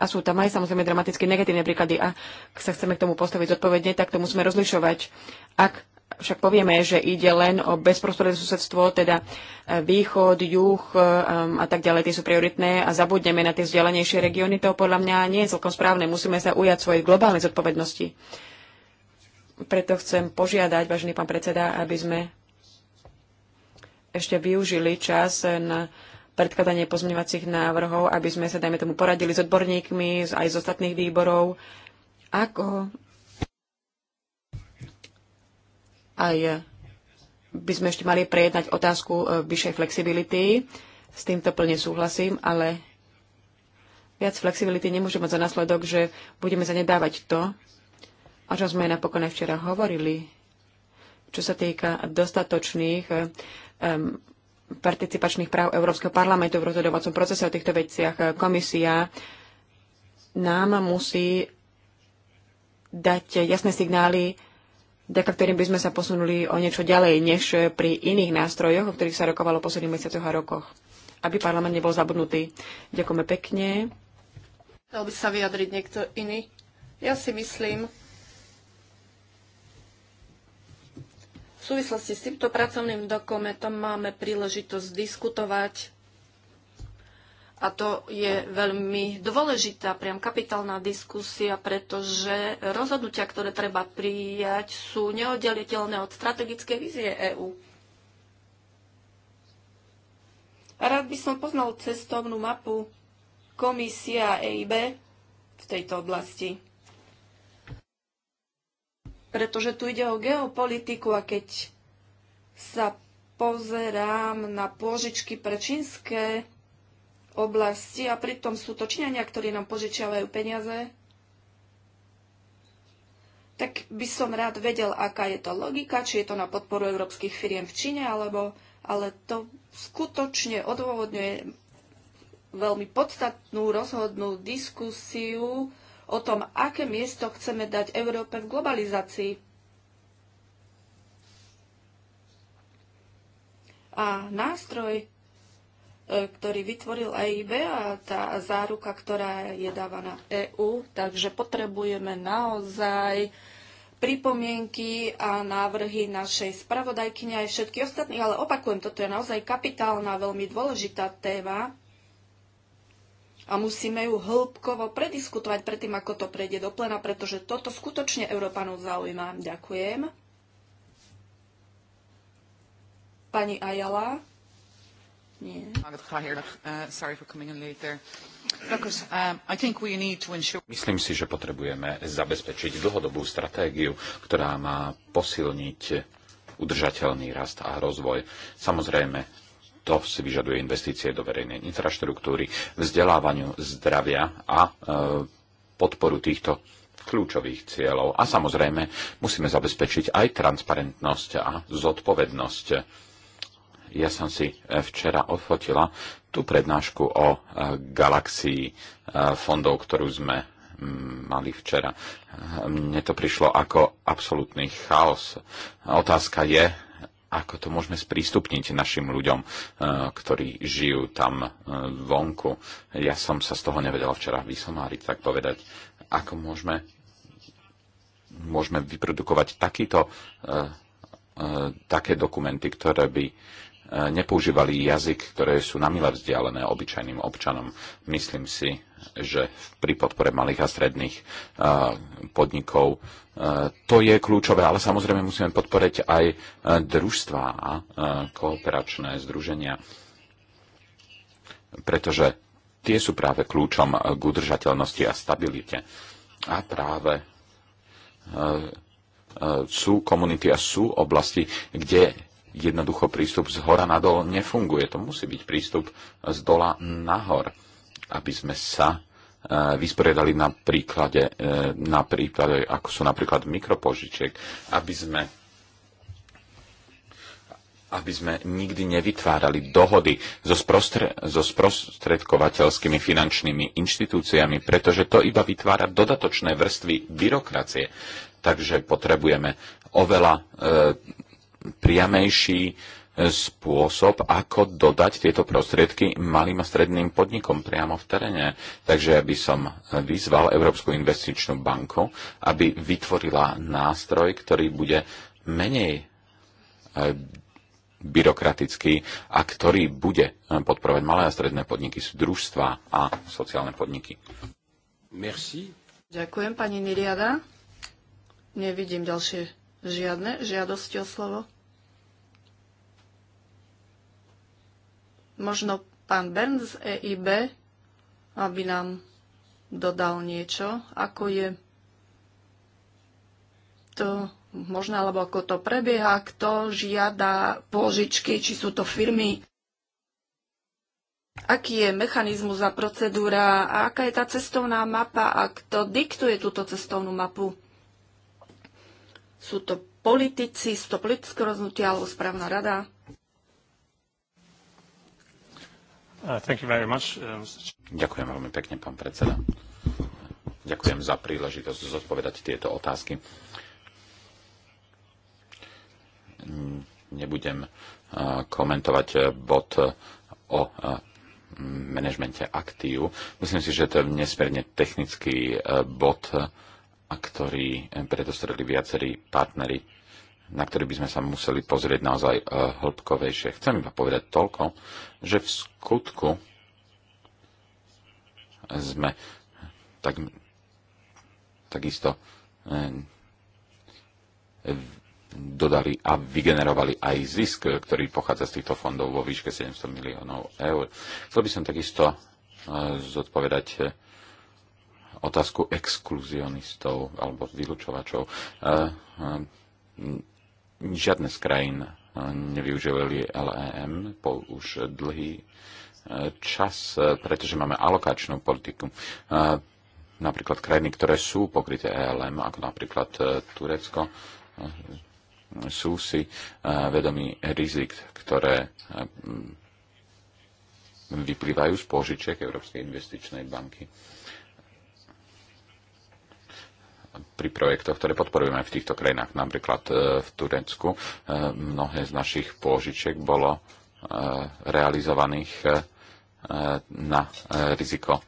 a sú tam aj samozrejme dramatické negatívne príklady. A ak sa chceme k tomu postaviť zodpovedne, tak to musíme rozlišovať. Ak však povieme, že ide len o bezprostredné susedstvo, teda e, východ, juh e, a tak ďalej, tie sú prioritné a zabudneme na tie vzdialenejšie regióny, to podľa mňa nie je celkom správne. Musíme sa ujať svojej globálnej zodpovednosti. Preto chcem požiadať, vážený pán predseda, aby sme ešte využili čas na predkladanie pozmeňovacích návrhov, aby sme sa, dajme tomu, poradili s odborníkmi aj z ostatných výborov, ako aj eh, by sme ešte mali prejednať otázku eh, vyššej flexibility. S týmto plne súhlasím, ale viac flexibility nemôže mať za následok, že budeme zanedávať to, o čom sme napokon aj včera hovorili, čo sa týka dostatočných um, participačných práv Európskeho parlamentu v rozhodovacom procese o týchto veciach. Komisia nám musí dať jasné signály, vďaka ktorým by sme sa posunuli o niečo ďalej než pri iných nástrojoch, o ktorých sa rokovalo v posledných mesiacoch a rokoch, aby parlament nebol zabudnutý. Ďakujeme pekne. Chcel by sa vyjadriť niekto iný? Ja si myslím, v súvislosti s týmto pracovným dokumentom máme príležitosť diskutovať a to je veľmi dôležitá, priam kapitálna diskusia, pretože rozhodnutia, ktoré treba prijať, sú neoddeliteľné od strategickej vízie EÚ. Rád by som poznal cestovnú mapu komisia EIB v tejto oblasti. Pretože tu ide o geopolitiku a keď sa pozerám na pôžičky pre čínske oblasti a pritom sú to Číňania, ktorí nám požičiavajú peniaze, tak by som rád vedel, aká je to logika, či je to na podporu európskych firiem v Číne, alebo, ale to skutočne odôvodňuje veľmi podstatnú rozhodnú diskusiu o tom, aké miesto chceme dať Európe v globalizácii. A nástroj E, ktorý vytvoril EIB a tá záruka, ktorá je dávaná EÚ. Takže potrebujeme naozaj pripomienky a návrhy našej spravodajkyne aj všetky ostatných, ale opakujem, toto je naozaj kapitálna, veľmi dôležitá téma a musíme ju hĺbkovo prediskutovať predtým, ako to prejde do plena, pretože toto skutočne Európanov zaujíma. Ďakujem. Pani Ajala. Eh, ehm, Myslím si, že potrebujeme zabezpečiť dlhodobú stratégiu, ktorá má posilniť udržateľný rast a rozvoj. Samozrejme, to si vyžaduje investície do verejnej infraštruktúry, vzdelávaniu zdravia a e, podporu týchto kľúčových cieľov. A samozrejme, musíme zabezpečiť aj transparentnosť a zodpovednosť ja som si eh, včera odfotila tú prednášku o eh, galaxii eh, fondov, ktorú sme mm, mali včera. Mne to prišlo ako absolútny chaos. Otázka je, ako to môžeme sprístupniť našim ľuďom, ktorí žijú tam vonku. Ja som sa z toho nevedela včera vysomáriť, tak povedať. Ako môžeme, môžeme vyprodukovať takýto, také dokumenty, ktoré by nepoužívali jazyk, ktoré sú na mile vzdialené obyčajným občanom. Myslím si, že pri podpore malých a stredných eh, podnikov eh, to je kľúčové, ale samozrejme musíme podporiť aj eh, družstva a kooperačné združenia, pretože tie sú práve kľúčom k udržateľnosti a stabilite. A práve sú komunity a sú oblasti, kde jednoducho prístup z hora na dol nefunguje. To musí byť prístup z dola nahor, aby sme sa e, vysporiadali na príklade, e, na príklade, ako sú napríklad mikropožičiek, aby sme aby sme nikdy nevytvárali dohody so, sprostre, so sprostredkovateľskými finančnými inštitúciami, pretože to iba vytvára dodatočné vrstvy byrokracie. Takže potrebujeme oveľa e, priamejší e, spôsob, ako dodať tieto prostriedky malým a stredným podnikom priamo v teréne. Takže by som vyzval Európsku investičnú banku, aby vytvorila nástroj, ktorý bude menej e, byrokratický a ktorý bude e, podporovať malé a stredné podniky, družstva a sociálne podniky. Merci. Ďakujem, pani Niriada. Nevidím ďalšie Žiadne žiadosti o slovo? Možno pán Bern z EIB, aby nám dodal niečo, ako je to možno, alebo ako to prebieha, kto žiada pôžičky, či sú to firmy, aký je mechanizmus a procedúra a aká je tá cestovná mapa a kto diktuje túto cestovnú mapu. Sú to politici, sú to politické rozhodnutie alebo správna rada? Uh, uh, Ďakujem veľmi pekne, pán predseda. Ďakujem za príležitosť zodpovedať tieto otázky. Nebudem uh, komentovať bod o manažmente aktív. Myslím si, že to je nesmierne technický bod, a ktorý eh, predostreli viacerí partnery, na ktorý by sme sa museli pozrieť naozaj eh, hĺbkovejšie. Chcem iba povedať toľko, že v skutku sme tak, takisto eh, dodali a vygenerovali aj zisk, ktorý pochádza z týchto fondov vo výške 700 miliónov eur. Chcel by som takisto zodpovedať otázku exkluzionistov alebo vylúčovačov. Žiadne z krajín nevyužívali LEM po už dlhý e, čas, e, pretože máme alokačnú politiku. Napríklad krajiny, ktoré sú pokryté ELM, ako napríklad e, Turecko, sú si vedomí rizik, ktoré vyplývajú z požičiek Európskej investičnej banky pri projektoch, ktoré podporujeme v týchto krajinách. Napríklad e, v Turecku e, mnohé z našich pôžičiek bolo e, realizovaných na riziko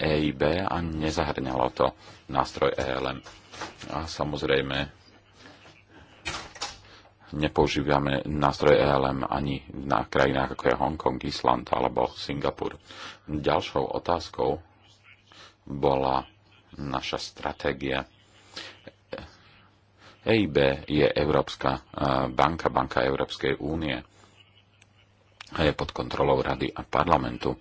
EIB a nezahrňalo to nástroj ELM. A samozrejme nepoužívame nástroj ELM ani na krajinách ako je Hongkong, Island alebo Singapur. Ďalšou otázkou bola naša stratégia. EIB je Európska e, banka, banka Európskej únie a je pod kontrolou Rady a parlamentu.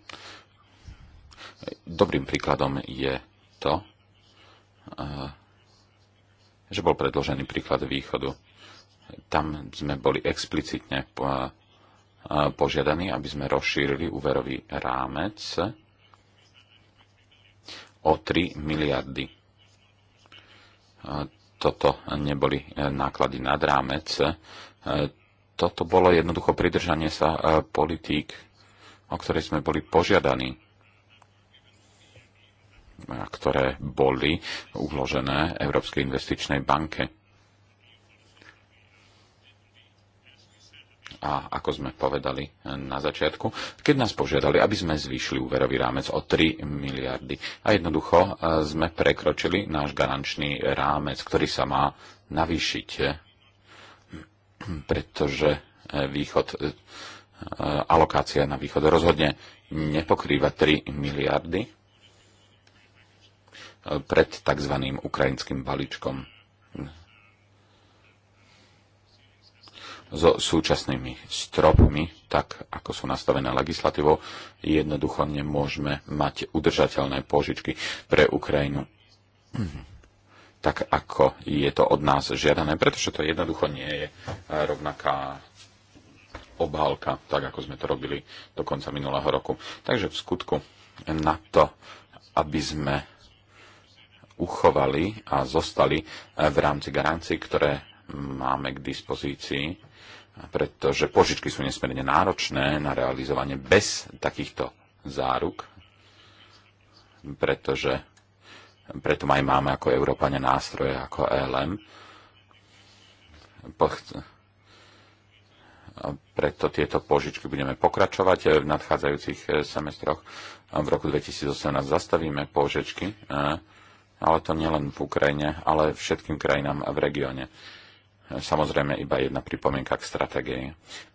Dobrým príkladom je to, e, že bol predložený príklad východu. Tam sme boli explicitne e, požiadaní, aby sme rozšírili úverový rámec o 3 miliardy. Toto neboli e, náklady nad rámec. E, toto bolo jednoducho pridržanie sa e, politík, o ktorej sme boli požiadaní ktoré boli uložené Európskej investičnej banke. a ako sme povedali eh, na začiatku, keď nás požiadali, aby sme zvýšili úverový rámec o 3 miliardy. A jednoducho eh, sme prekročili náš garančný rámec, ktorý sa má navýšiť, eh, pretože východ, alokácia na východ rozhodne nepokrýva 3 miliardy pred tzv. ukrajinským balíčkom so súčasnými stropmi, tak ako sú nastavené legislatívou, jednoducho nemôžeme mať udržateľné požičky pre Ukrajinu tak ako je to od nás žiadané, pretože to jednoducho nie je rovnaká obálka, tak ako sme to robili do konca minulého roku. Takže v skutku na to, aby sme uchovali a zostali v rámci garancií, ktoré máme k dispozícii, pretože požičky sú nesmierne náročné na realizovanie bez takýchto záruk, pretože preto aj máme ako Európane nástroje ako ELM. Preto tieto požičky budeme pokračovať v nadchádzajúcich eh, semestroch. V roku 2018 zastavíme požičky eh, ale to nielen v Ukrajine, ale všetkým krajinám v regióne. Samozrejme, iba jedna pripomienka k stratégii.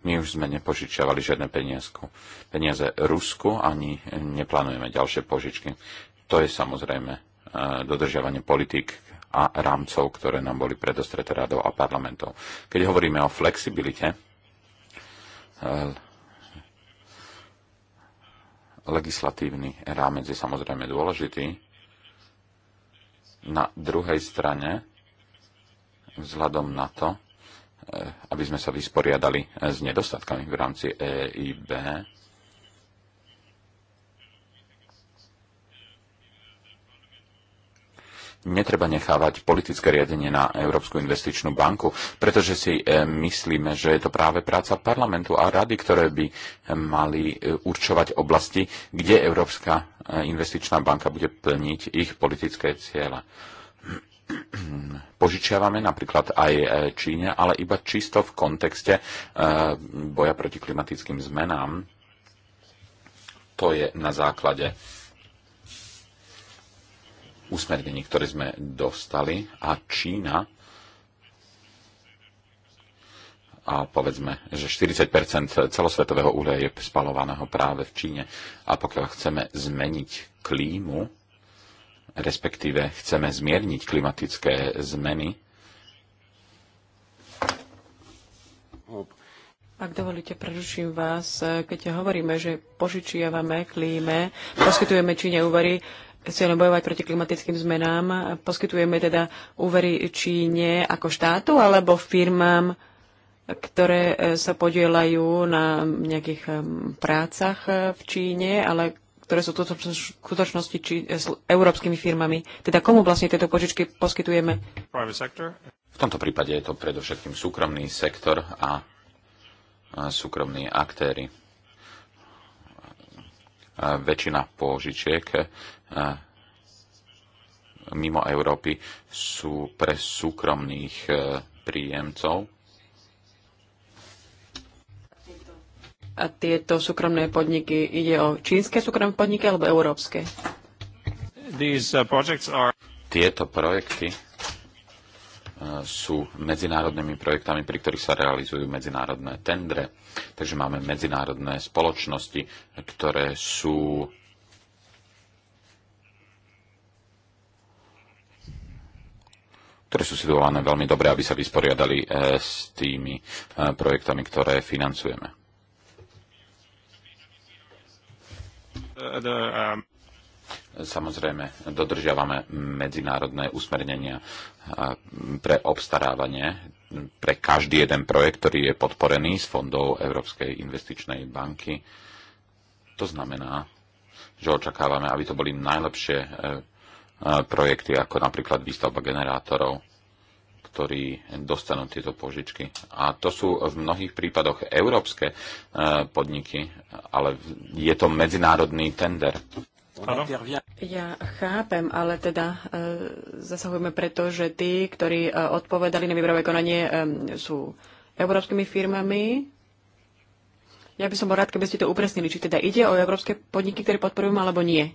My už sme nepožičiavali žiadne peniazku. peniaze Rusku, ani neplánujeme ďalšie požičky. To je samozrejme e, dodržiavanie politik a rámcov, ktoré nám boli predostreté radov a parlamentov. Keď hovoríme o flexibilite, e, legislatívny rámec je samozrejme dôležitý. Na druhej strane vzhľadom na to, e, aby sme sa vysporiadali e, s nedostatkami v rámci EIB, netreba nechávať politické riadenie na Európsku investičnú banku, pretože si e, myslíme, že je to práve práca parlamentu a rady, ktoré by mali určovať oblasti, kde Európska investičná banka bude plniť ich politické ciele požičiavame napríklad aj e, Číne, ale iba čisto v kontexte e, boja proti klimatickým zmenám. To je na základe usmernení, ktoré sme dostali a Čína a povedzme, že 40 celosvetového uhlia je spalovaného práve v Číne. A pokiaľ chceme zmeniť klímu, respektíve chceme zmierniť klimatické zmeny. Ak dovolíte, preruším vás. Keď hovoríme, že požičiavame klíme, poskytujeme Číne úvery s cieľom bojovať proti klimatickým zmenám, poskytujeme teda úvery Číne ako štátu alebo firmám, ktoré sa podielajú na nejakých mm, prácach v Číne, ale ktoré sú v skutočnosti či, eh, s európskymi firmami. Teda komu vlastne tieto požičky poskytujeme? V tomto prípade je to predovšetkým súkromný sektor a súkromní aktéry. Väčšina požičiek mimo Európy sú pre súkromných e, príjemcov a tieto súkromné podniky? Ide o čínske súkromné podniky alebo európske? Uh, tieto projekty uh, sú medzinárodnými projektami, pri ktorých sa realizujú medzinárodné tendre. Takže máme medzinárodné spoločnosti, ktoré sú ktoré sú situované veľmi dobre, aby sa vysporiadali eh, s tými eh, projektami, ktoré financujeme. Um, Samozrejme, dodržiavame medzinárodné usmernenia pre obstarávanie pre každý jeden projekt, ktorý je podporený z fondov Európskej investičnej banky. To znamená, že očakávame, aby to boli najlepšie e, e, projekty, ako napríklad výstavba generátorov ktorí dostanú tieto požičky. A to sú v mnohých prípadoch európske e, podniky, ale je to medzinárodný tender. Ja chápem, ale teda e, zasahujeme preto, že tí, ktorí e, odpovedali na výberové konanie, e, sú európskymi firmami. Ja by som bol rád, keby ste to upresnili, či teda ide o európske podniky, ktoré podporujeme, alebo nie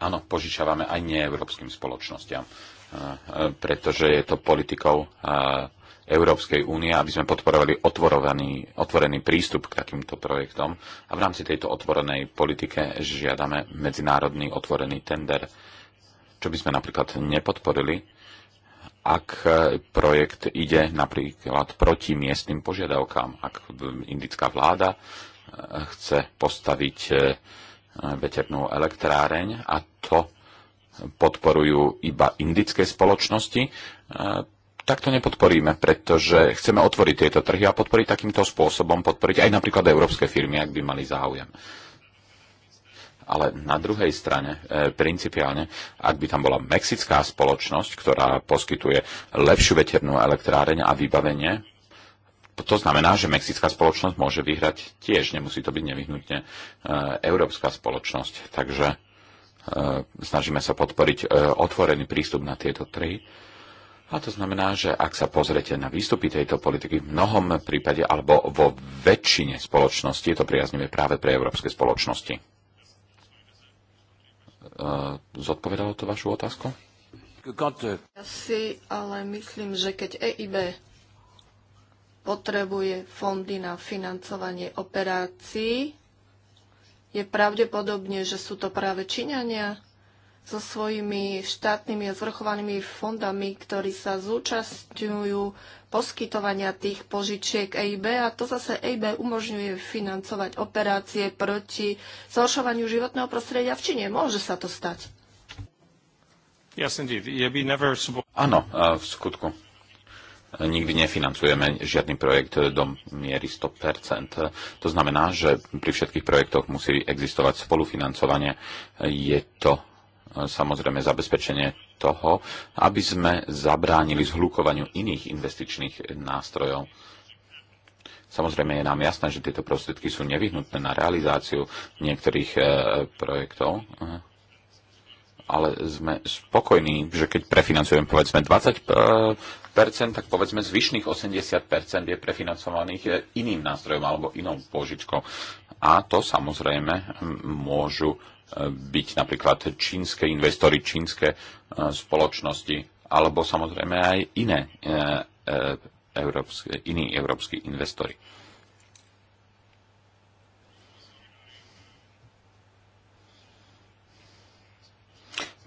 áno, požičiavame aj neeurópskym spoločnosťam, eh, eh, pretože je to politikou eh, Európskej únie, aby sme podporovali otvorený prístup k takýmto projektom. A v rámci tejto otvorenej politike žiadame medzinárodný otvorený tender, čo by sme napríklad nepodporili, ak projekt ide napríklad proti miestnym požiadavkám, ak indická vláda chce postaviť veternú elektráreň a to podporujú iba indické spoločnosti, tak to nepodporíme, pretože chceme otvoriť tieto trhy a podporiť takýmto spôsobom, podporiť aj napríklad európske firmy, ak by mali záujem. Ale na druhej strane, e, principiálne, ak by tam bola mexická spoločnosť, ktorá poskytuje lepšiu veternú elektráreň a vybavenie, to znamená, že mexická spoločnosť môže vyhrať tiež, nemusí to byť nevyhnutne e, európska spoločnosť. Takže e, snažíme sa podporiť e, otvorený prístup na tieto tri. A to znamená, že ak sa pozrete na výstupy tejto politiky v mnohom prípade alebo vo väčšine spoločnosti, je to priaznivé práve pre európske spoločnosti. E, zodpovedalo to vašu otázku? Asi, ale myslím, že keď EIB potrebuje fondy na financovanie operácií. Je pravdepodobne, že sú to práve Číňania so svojimi štátnymi a zvrchovanými fondami, ktorí sa zúčastňujú poskytovania tých požičiek EIB a to zase EIB umožňuje financovať operácie proti zhoršovaniu životného prostredia v Číne. Môže sa to stať. Áno, v skutku nikdy nefinancujeme žiadny projekt do miery 100%. To znamená, že pri všetkých projektoch musí existovať spolufinancovanie. Je to e, samozrejme zabezpečenie toho, aby sme zabránili zhlukovaniu iných investičných nástrojov. Samozrejme je nám jasné, že tieto prostriedky sú nevyhnutné na realizáciu niektorých e, e, projektov ale sme spokojní, že keď prefinancujeme povedzme 20%, eh, tak povedzme zvyšných 80% je prefinancovaných eh, iným nástrojom alebo inou pôžičkou. A to samozrejme môžu eh, byť napríklad čínske investory, čínske spoločnosti alebo samozrejme aj iné európske, iní európsky investori.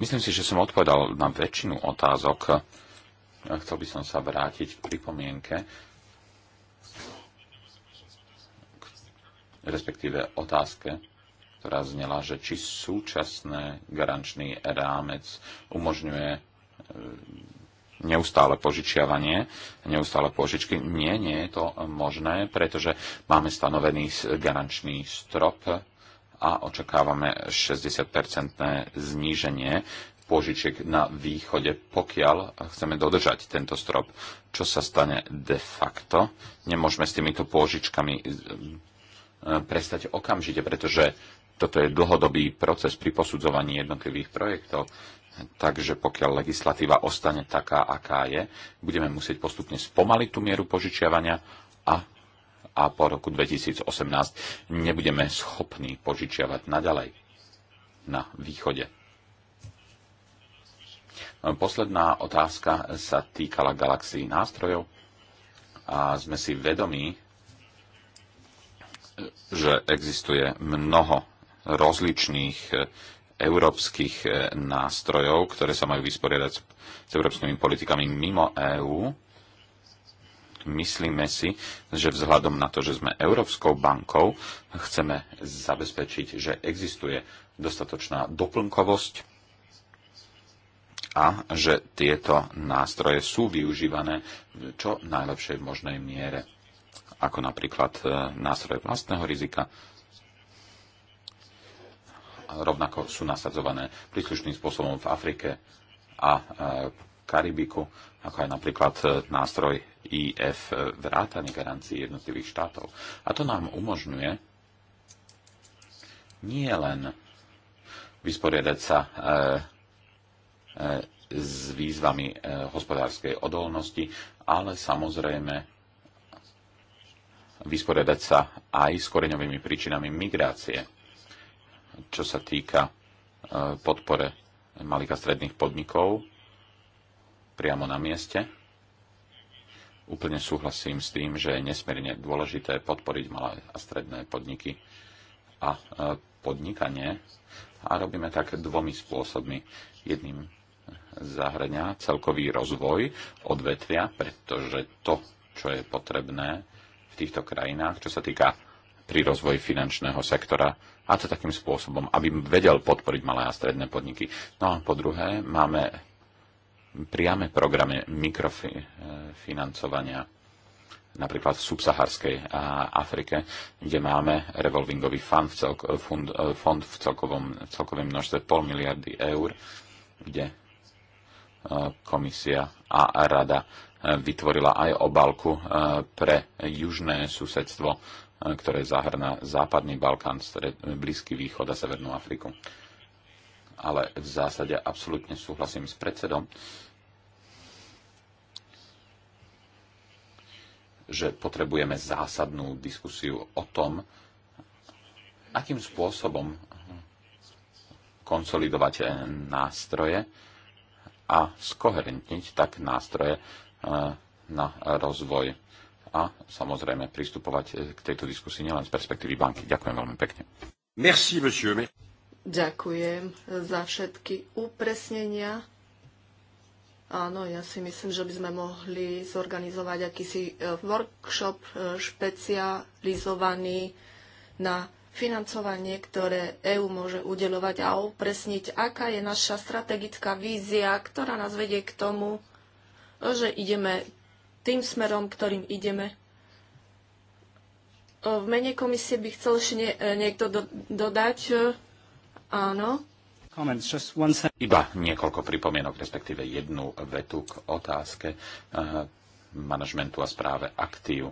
Myslím si, že som odpovedal na väčšinu otázok. Chcel by som sa vrátiť k pripomienke, respektíve otázke, ktorá znela, že či súčasný garančný rámec umožňuje e, neustále požičiavanie, neustále požičky. Nie, nie je to možné, pretože máme stanovený garančný strop a očakávame 60-percentné zníženie požičiek na východe, pokiaľ chceme dodržať tento strop. Čo sa stane de facto? Nemôžeme s týmito pôžičkami e, prestať okamžite, pretože toto je dlhodobý proces pri posudzovaní jednotlivých projektov. Takže pokiaľ legislatíva ostane taká, aká je, budeme musieť postupne spomaliť tú mieru požičiavania a a po roku 2018 nebudeme schopní požičiavať naďalej na východe. Posledná otázka sa týkala galaxií nástrojov a sme si vedomí, že existuje mnoho rozličných e, európskych e, nástrojov, ktoré sa majú vysporiadať s, s európskymi politikami mimo EÚ myslíme si, že vzhľadom na to, že sme Európskou bankou, chceme zabezpečiť, že existuje dostatočná doplnkovosť a že tieto nástroje sú využívané v čo najlepšej možnej miere, ako napríklad e, nástroje vlastného rizika, rovnako sú nasadzované príslušným spôsobom v Afrike a e, Karibiku, ako aj napríklad e, nástroj IF e, vrátane garancií jednotlivých štátov. A to nám umožňuje nie len vysporiadať sa e, s výzvami hospodárskej odolnosti, ale samozrejme vysporiadať sa aj s koreňovými príčinami migrácie, čo sa týka podpore malých a stredných podnikov priamo na mieste. Úplne súhlasím s tým, že je nesmierne dôležité podporiť malé a stredné podniky a e, podnikanie. A robíme tak dvomi spôsobmi. Jedným zahrania celkový rozvoj odvetvia, pretože to, čo je potrebné v týchto krajinách, čo sa týka pri rozvoji finančného sektora, a to takým spôsobom, aby vedel podporiť malé a stredné podniky. No a po druhé, máme priame programy mikrofinancovania eh, napríklad v subsaharskej eh, Afrike, kde máme revolvingový fond v, celko, eh, fund, fond v celkovom, v množstve pol miliardy eur, kde komisia a rada vytvorila aj obálku pre južné susedstvo, ktoré zahrná Západný Balkán, stred Blízky východ a Severnú Afriku. Ale v zásade absolútne súhlasím s predsedom, že potrebujeme zásadnú diskusiu o tom, akým spôsobom konsolidovať nástroje a skoherentniť tak nástroje eh, na rozvoj a samozrejme pristupovať eh, k tejto diskusii nielen z perspektívy banky. Ďakujem veľmi pekne. Merci, monsieur. Ďakujem za všetky upresnenia. Áno, ja si myslím, že by sme mohli zorganizovať akýsi e, workshop e, špecializovaný na financovanie, ktoré EÚ môže udelovať a upresniť, aká je naša strategická vízia, ktorá nás vedie k tomu, že ideme tým smerom, ktorým ideme. E, v mene komisie by chcel ešte niekto dodať. Áno. Iba niekoľko pripomienok, respektíve jednu vetu k otázke eh, manažmentu a správe aktív.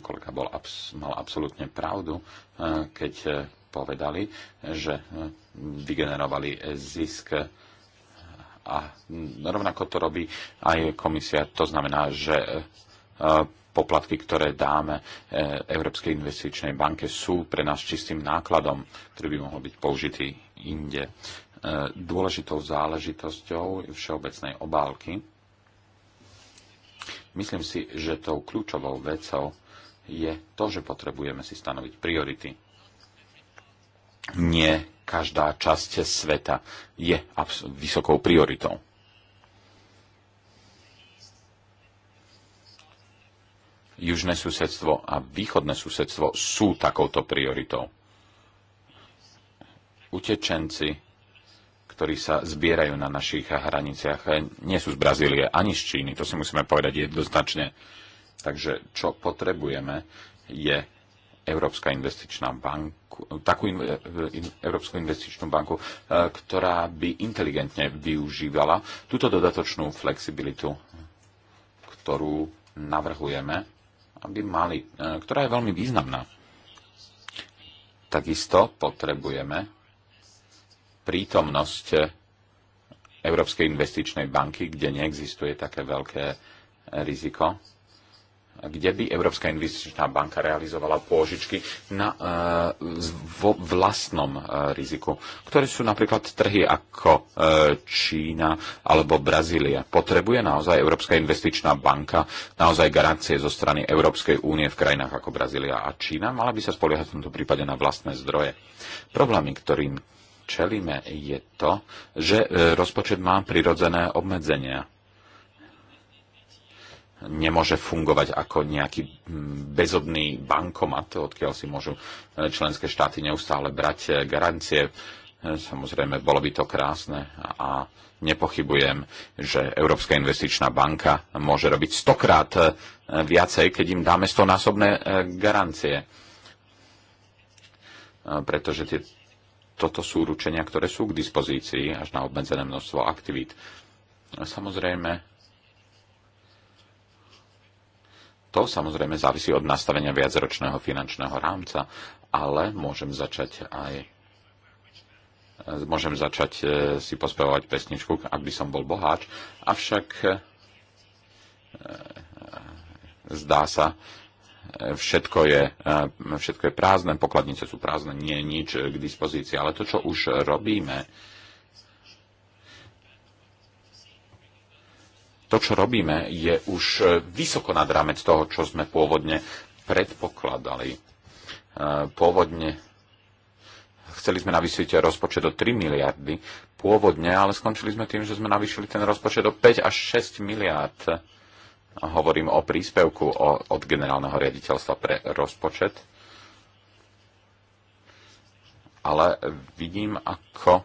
Kolega bol, mal absolútne pravdu, eh, keď eh, povedali, že vygenerovali zisk a rovnako to robí aj komisia. To znamená, že poplatky, ktoré dáme Európskej investičnej banke, sú pre nás čistým nákladom, ktorý by mohol byť použitý inde. E, dôležitou záležitosťou všeobecnej obálky myslím si, že tou kľúčovou vecou je to, že potrebujeme si stanoviť priority. Nie každá časť sveta je vysokou prioritou. Južné susedstvo a východné susedstvo sú takouto prioritou utečenci, ktorí sa zbierajú na našich hraniciach, nie sú z Brazílie ani z Číny. To si musíme povedať jednoznačne. Takže čo potrebujeme je Európska investičná banku, takú in, eh, in, Európsku investičnú banku, eh, ktorá by inteligentne využívala túto dodatočnú flexibilitu, ktorú navrhujeme, aby mali, eh, ktorá je veľmi významná. Takisto potrebujeme prítomnosť Európskej investičnej banky, kde neexistuje také veľké e, riziko, kde by Európska investičná banka realizovala pôžičky na e, vo vlastnom e, riziku, ktoré sú napríklad trhy ako e, Čína alebo Brazília. Potrebuje naozaj Európska investičná banka naozaj garancie zo strany Európskej únie v krajinách ako Brazília a Čína? Mala by sa spoliehať v tomto prípade na vlastné zdroje. Problémy, ktorým čelíme, je to, že e, rozpočet má prirodzené obmedzenia. Nemôže fungovať ako nejaký bezobný bankomat, odkiaľ si môžu e, členské štáty neustále brať e, garancie. Samozrejme, bolo by to krásne a nepochybujem, že Európska investičná banka môže robiť stokrát viacej, keď im dáme stonásobné garancie pretože tie toto sú ručenia, ktoré sú k dispozícii až na obmedzené množstvo aktivít. Samozrejme, to samozrejme závisí od nastavenia viacročného finančného rámca, ale môžem začať aj môžem začať e, si pospevovať pesničku, ak by som bol boháč. Avšak e, e, zdá sa, všetko je, eh, všetko je prázdne, pokladnice sú prázdne, nie je nič k dispozícii, ale to, čo už robíme, to, čo robíme, je už eh, vysoko nad rámec toho, čo sme pôvodne predpokladali. Eh, pôvodne chceli sme navýšiť rozpočet o 3 miliardy pôvodne, ale skončili sme tým, že sme navýšili ten rozpočet o 5 až 6 miliard Hovorím o príspevku od generálneho riaditeľstva pre rozpočet. Ale vidím, ako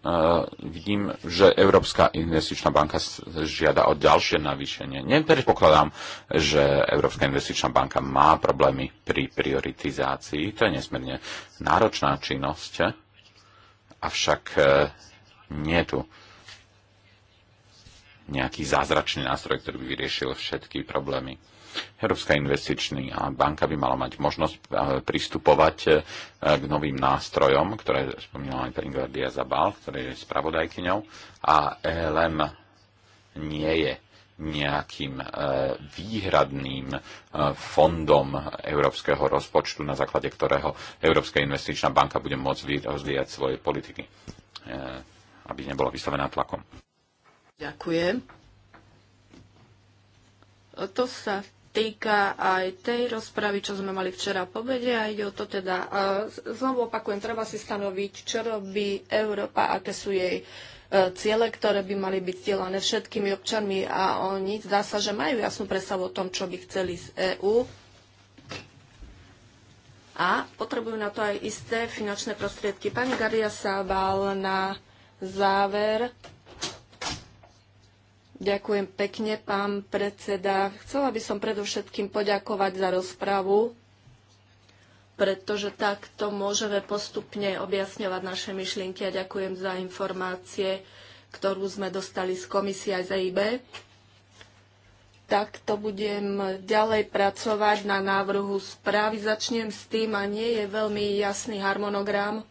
e, vidím, že Európska investičná banka žiada o ďalšie navýšenie. Nepredpokladám, že Európska investičná banka má problémy pri prioritizácii. To je nesmierne náročná činnosť, avšak e, nie tu nejaký zázračný nástroj, ktorý by vyriešil všetky problémy. Európska a banka by mala mať možnosť e, pristupovať e, k novým nástrojom, ktoré spomínala aj Peringardia Zabal, ktorý je spravodajkyňou, a ELM nie je nejakým e, výhradným fondom európskeho rozpočtu, na základe ktorého Európska investičná banka bude môcť rozvíjať svoje politiky, aby nebola vystavená tlakom. Ďakujem. To sa týka aj tej rozpravy, čo sme mali včera po obede a ide o to teda, znovu opakujem, treba si stanoviť, čo robí Európa, aké sú jej e, ciele, ktoré by mali byť dielané všetkými občanmi a oni zdá sa, že majú jasnú predstavu o tom, čo by chceli z EÚ a potrebujú na to aj isté finančné prostriedky. Pani Garia sa bál na záver Ďakujem pekne, pán predseda. Chcela by som predovšetkým poďakovať za rozpravu, pretože takto môžeme postupne objasňovať naše myšlienky a ďakujem za informácie, ktorú sme dostali z komisie aj z EIB. Takto budem ďalej pracovať na návrhu správy. Začnem s tým a nie je veľmi jasný harmonogram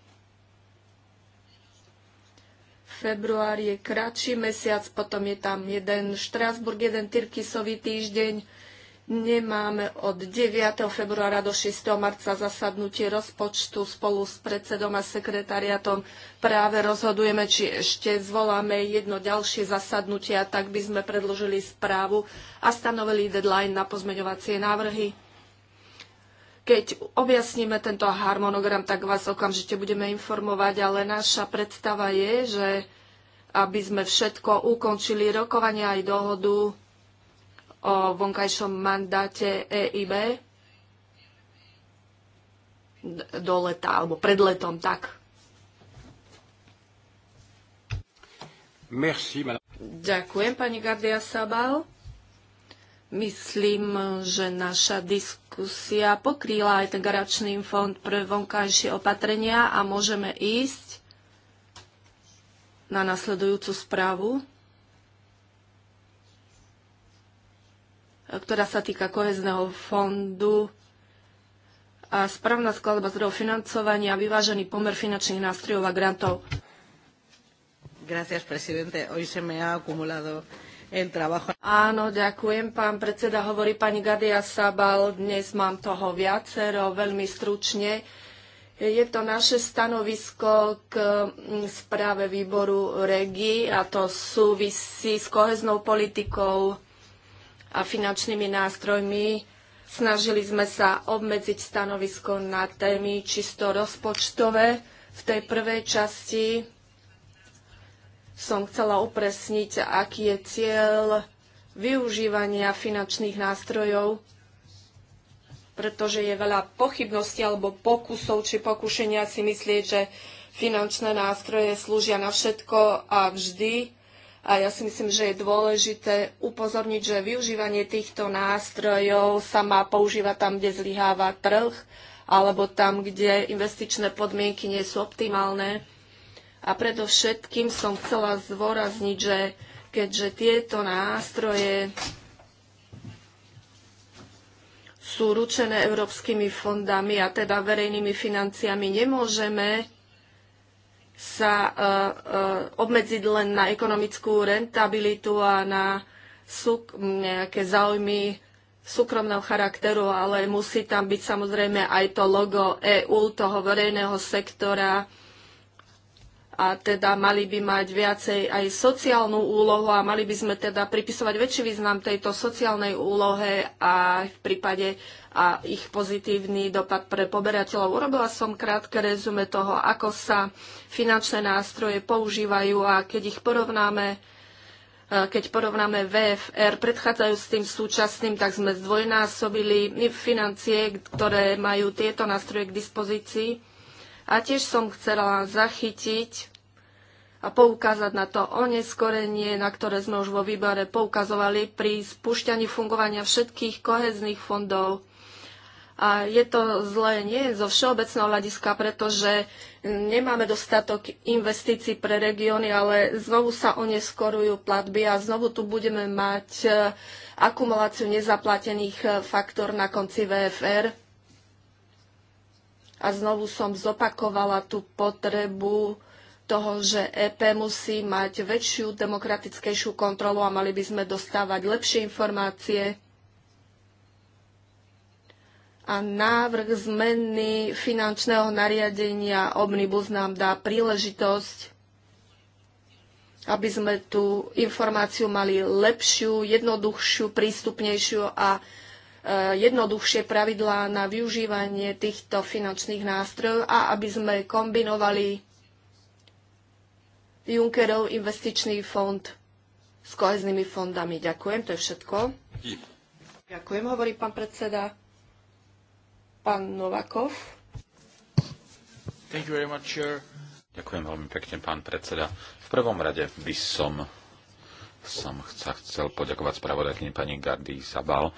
Február je kratší mesiac, potom je tam jeden Štrásburg, jeden Tyrkisový týždeň. Nemáme od 9. februára do 6. marca zasadnutie rozpočtu spolu s predsedom a sekretariatom. Práve rozhodujeme, či ešte zvoláme jedno ďalšie zasadnutie a tak by sme predložili správu a stanovili deadline na pozmeňovacie návrhy. Keď objasníme tento harmonogram, tak vás okamžite budeme informovať, ale naša predstava je, že aby sme všetko ukončili, rokovania aj dohodu o vonkajšom mandáte EIB do leta, alebo pred letom, tak. Merci, Ďakujem, pani Gardia Sabal. Myslím, že naša diskusia pokrýla aj ten garačný fond pre vonkajšie opatrenia a môžeme ísť na nasledujúcu správu, ktorá sa týka kohezného fondu a správna skladba zdrojov financovania a vyvážený pomer finančných nástrojov a grantov. Gracias, presidente. Hoy se me ha acumulado el trabajo. Áno, ďakujem, pán predseda. Hovorí pani Gadia Sabal, dnes mám toho viacero, veľmi stručne. Je to naše stanovisko k mm, správe výboru REGI a to súvisí s koheznou politikou a finančnými nástrojmi. Snažili sme sa obmedziť stanovisko na témy čisto rozpočtové v tej prvej časti som chcela opresniť, aký je cieľ využívania finančných nástrojov, pretože je veľa pochybností alebo pokusov či pokušenia si myslieť, že finančné nástroje slúžia na všetko a vždy. A ja si myslím, že je dôležité upozorniť, že využívanie týchto nástrojov sa má používať tam, kde zlyháva trh alebo tam, kde investičné podmienky nie sú optimálne a preto všetkým som chcela zdôrazniť, že keďže tieto nástroje sú ručené európskymi fondami a teda verejnými financiami, nemôžeme sa e, e, obmedziť len na ekonomickú rentabilitu a na súk- nejaké záujmy súkromného charakteru, ale musí tam byť samozrejme aj to logo EÚ, toho verejného sektora, a teda mali by mať viacej aj sociálnu úlohu a mali by sme teda pripisovať väčší význam tejto sociálnej úlohe a v prípade a ich pozitívny dopad pre poberateľov. Urobila som krátke rezume toho, ako sa finančné nástroje používajú a keď ich porovnáme e, keď porovnáme VFR predchádzajú s tým súčasným, tak sme zdvojnásobili financie, ktoré majú tieto nástroje k dispozícii a tiež som chcela zachytiť a poukázať na to oneskorenie, na ktoré sme už vo výbore poukazovali pri spúšťaní fungovania všetkých kohezných fondov. A je to zlé nie zo všeobecného hľadiska, pretože nemáme dostatok investícií pre regióny, ale znovu sa oneskorujú platby a znovu tu budeme mať eh, akumuláciu nezaplatených eh, faktor na konci VFR a znovu som zopakovala tú potrebu toho, že EP musí mať väčšiu, demokratickejšiu kontrolu a mali by sme dostávať lepšie informácie. A návrh zmeny finančného nariadenia Omnibus nám dá príležitosť, aby sme tú informáciu mali lepšiu, jednoduchšiu, prístupnejšiu a Eh, jednoduchšie pravidlá na využívanie týchto finančných nástrojov a aby sme kombinovali Junckerov investičný fond s koheznými fondami. Ďakujem, to je všetko. Ďakujem, hovorí pán predseda. Pán Novakov. Thank you very much, sir. Ďakujem veľmi pekne, pán predseda. V prvom rade by som som sa chcel poďakovať spravodajkyni pani Gardy Sabal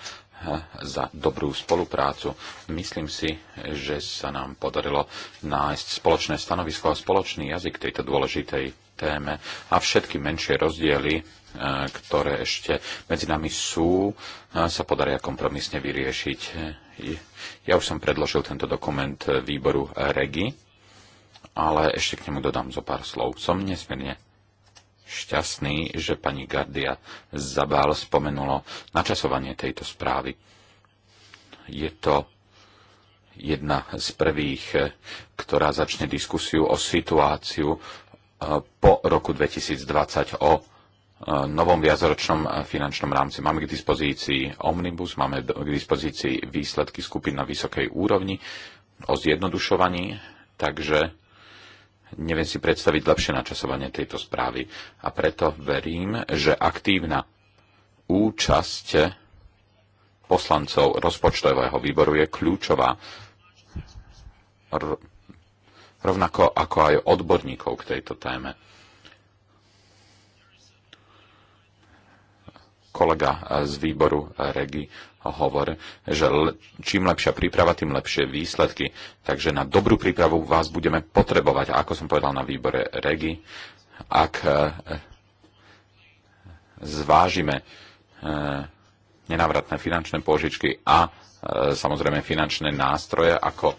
za dobrú spoluprácu. Myslím si, že sa nám podarilo nájsť spoločné stanovisko a spoločný jazyk tejto dôležitej téme a všetky menšie rozdiely, e, ktoré ešte medzi nami sú, e, sa podaria kompromisne vyriešiť. E, ja už som predložil tento dokument výboru REGI, ale ešte k nemu dodám zo pár slov. Som nesmierne šťastný, že pani Gardia Zabal spomenulo načasovanie tejto správy. Je to jedna z prvých, ktorá začne diskusiu o situáciu e, po roku 2020 o e, novom viacročnom finančnom rámci. Máme k dispozícii Omnibus, máme k dispozícii výsledky skupín na vysokej úrovni o zjednodušovaní, takže Neviem si predstaviť lepšie načasovanie tejto správy a preto verím, že aktívna účasť poslancov rozpočtového výboru je kľúčová. Rovnako ako aj odborníkov k tejto téme. kolega z výboru REGI hovor, že čím lepšia príprava, tým lepšie výsledky. Takže na dobrú prípravu vás budeme potrebovať. ako som povedal na výbore REGI, ak eh, zvážime eh, nenávratné finančné pôžičky a eh, samozrejme finančné nástroje ako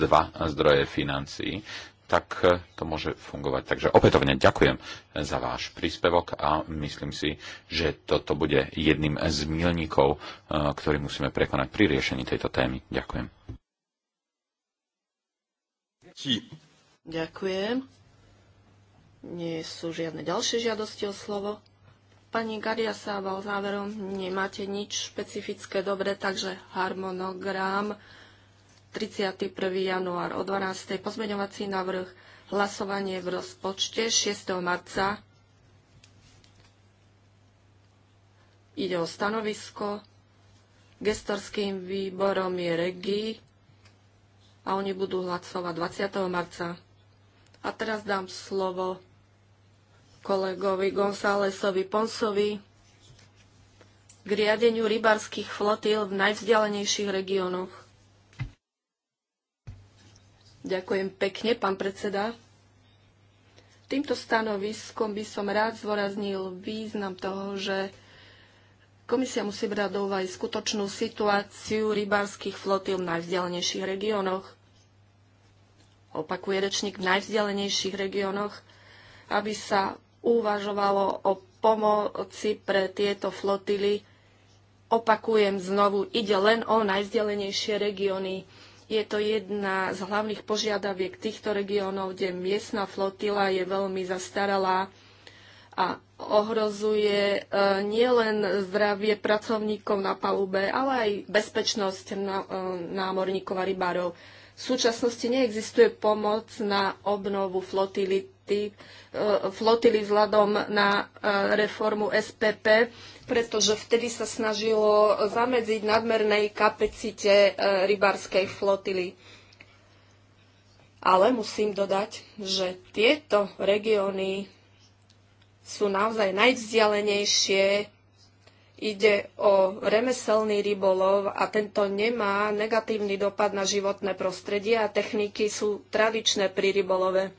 dva zdroje financií, tak e, to môže fungovať. Takže opätovne ďakujem za váš príspevok a myslím si, že toto bude jedným z milníkov, e, ktorý musíme prekonať pri riešení tejto témy. Ďakujem. Ďakujem. Nie sú žiadne ďalšie žiadosti o slovo. Pani Garia Sábal, záverom, nemáte nič špecifické, dobre, takže harmonogram 31. január o 12. pozmeňovací návrh, hlasovanie v rozpočte 6. marca. Ide o stanovisko. Gestorským výborom je REGI a oni budú hlasovať 20. marca. A teraz dám slovo kolegovi Gonzálesovi Ponsovi k riadeniu rybarských flotíl v najvzdialenejších regiónoch. Ďakujem pekne, pán predseda. Týmto stanoviskom by som rád zvoraznil význam toho, že komisia musí brať do úvahy skutočnú situáciu rybárskych flotil v najvzdialenejších regiónoch. Opakuje rečník v najvzdialenejších regiónoch, aby sa uvažovalo o pomoci pre tieto flotily. Opakujem znovu, ide len o najvzdialenejšie regióny je to jedna z hlavných požiadaviek týchto regiónov, kde miestna flotila je veľmi zastaralá a ohrozuje e, nielen zdravie pracovníkov na palube, ale aj bezpečnosť e, námorníkov a rybárov. V súčasnosti neexistuje pomoc na obnovu flotily flotily, e, flotily vzhľadom na e, reformu SPP, pretože vtedy sa snažilo zamedziť nadmernej kapacite e, rybárskej flotily. Ale musím dodať, že tieto regióny sú naozaj najvzdialenejšie. Ide o remeselný rybolov a tento nemá negatívny dopad na životné prostredie a techniky sú tradičné pri rybolove.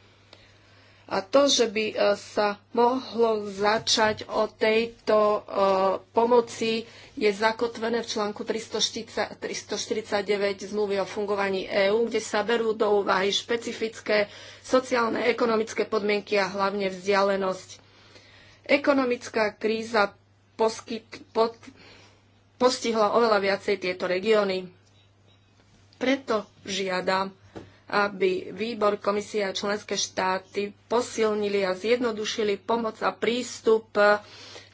A to, že by e, sa mohlo začať o tejto e, pomoci, je zakotvené v článku 349 zmluvy o fungovaní EÚ, kde sa berú do úvahy špecifické sociálne, ekonomické podmienky a hlavne vzdialenosť. Ekonomická kríza poskyt, pod, postihla oveľa viacej tieto regióny. Preto žiadam aby výbor, komisia a členské štáty posilnili a zjednodušili pomoc a prístup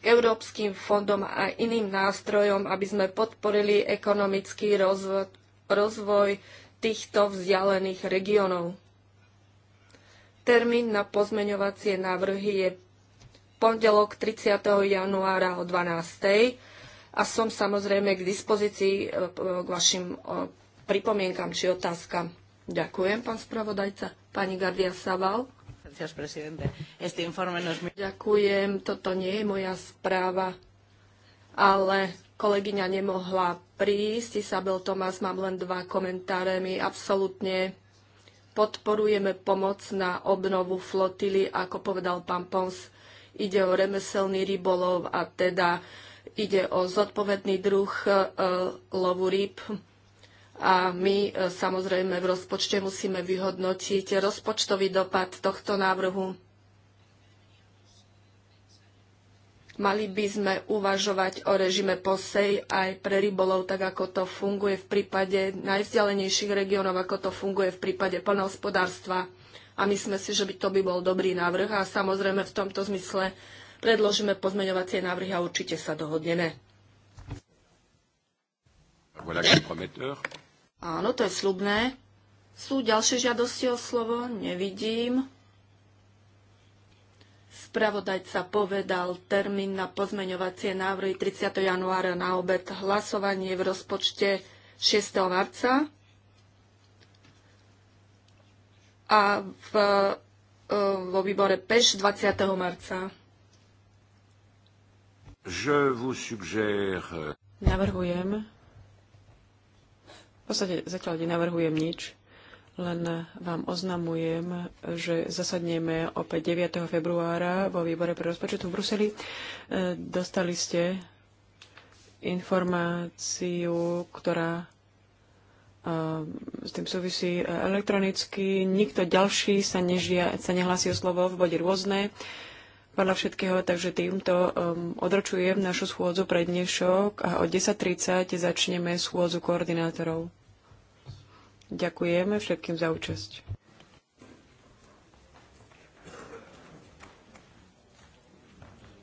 k európskym fondom a iným nástrojom, aby sme podporili ekonomický rozvoj, rozvoj týchto vzdialených regiónov. Termín na pozmeňovacie návrhy je pondelok 30. januára o 12. A som samozrejme k dispozícii e, k vašim e, pripomienkam či otázkam. Ďakujem, pán spravodajca. Pani Gardia Saval. No Ďakujem, toto nie je moja správa, ale kolegyňa nemohla prísť. Isabel Tomás, mám len dva komentáre. My absolútne podporujeme pomoc na obnovu flotily, ako povedal pán Pons. Ide o remeselný rybolov a teda ide o zodpovedný druh e, lovu rýb a my e, samozrejme v rozpočte musíme vyhodnotiť rozpočtový dopad tohto návrhu. Mali by sme uvažovať o režime posej aj pre rybolov, tak ako to funguje v prípade najvzdialenejších regiónov, ako to funguje v prípade plnohospodárstva. A myslíme si, že by to by bol dobrý návrh a samozrejme v tomto zmysle predložíme pozmeňovacie návrhy a určite sa dohodneme. Voilà qui est prometteur. Áno, to je slubné. Sú ďalšie žiadosti o slovo? Nevidím. Spravodajca povedal termín na pozmeňovacie návrhy 30. januára na obed hlasovanie v rozpočte 6. marca a v, e, vo výbore PEŠ 20. marca. Je vous suggère... Navrhujem, podstate zatiaľ nenavrhujem nič, len vám oznamujem, že zasadneme opäť 9. februára vo výbore pre rozpočet v Bruseli. E, dostali ste informáciu, ktorá e, s tým súvisí elektronicky. Nikto ďalší sa, nežia, sa nehlási o slovo v bode rôzne podľa všetkého, takže týmto um, odročujem našu schôdzu pre dnešok a o 10.30 začneme schôdzu koordinátorov. Ďakujeme všetkým za účasť.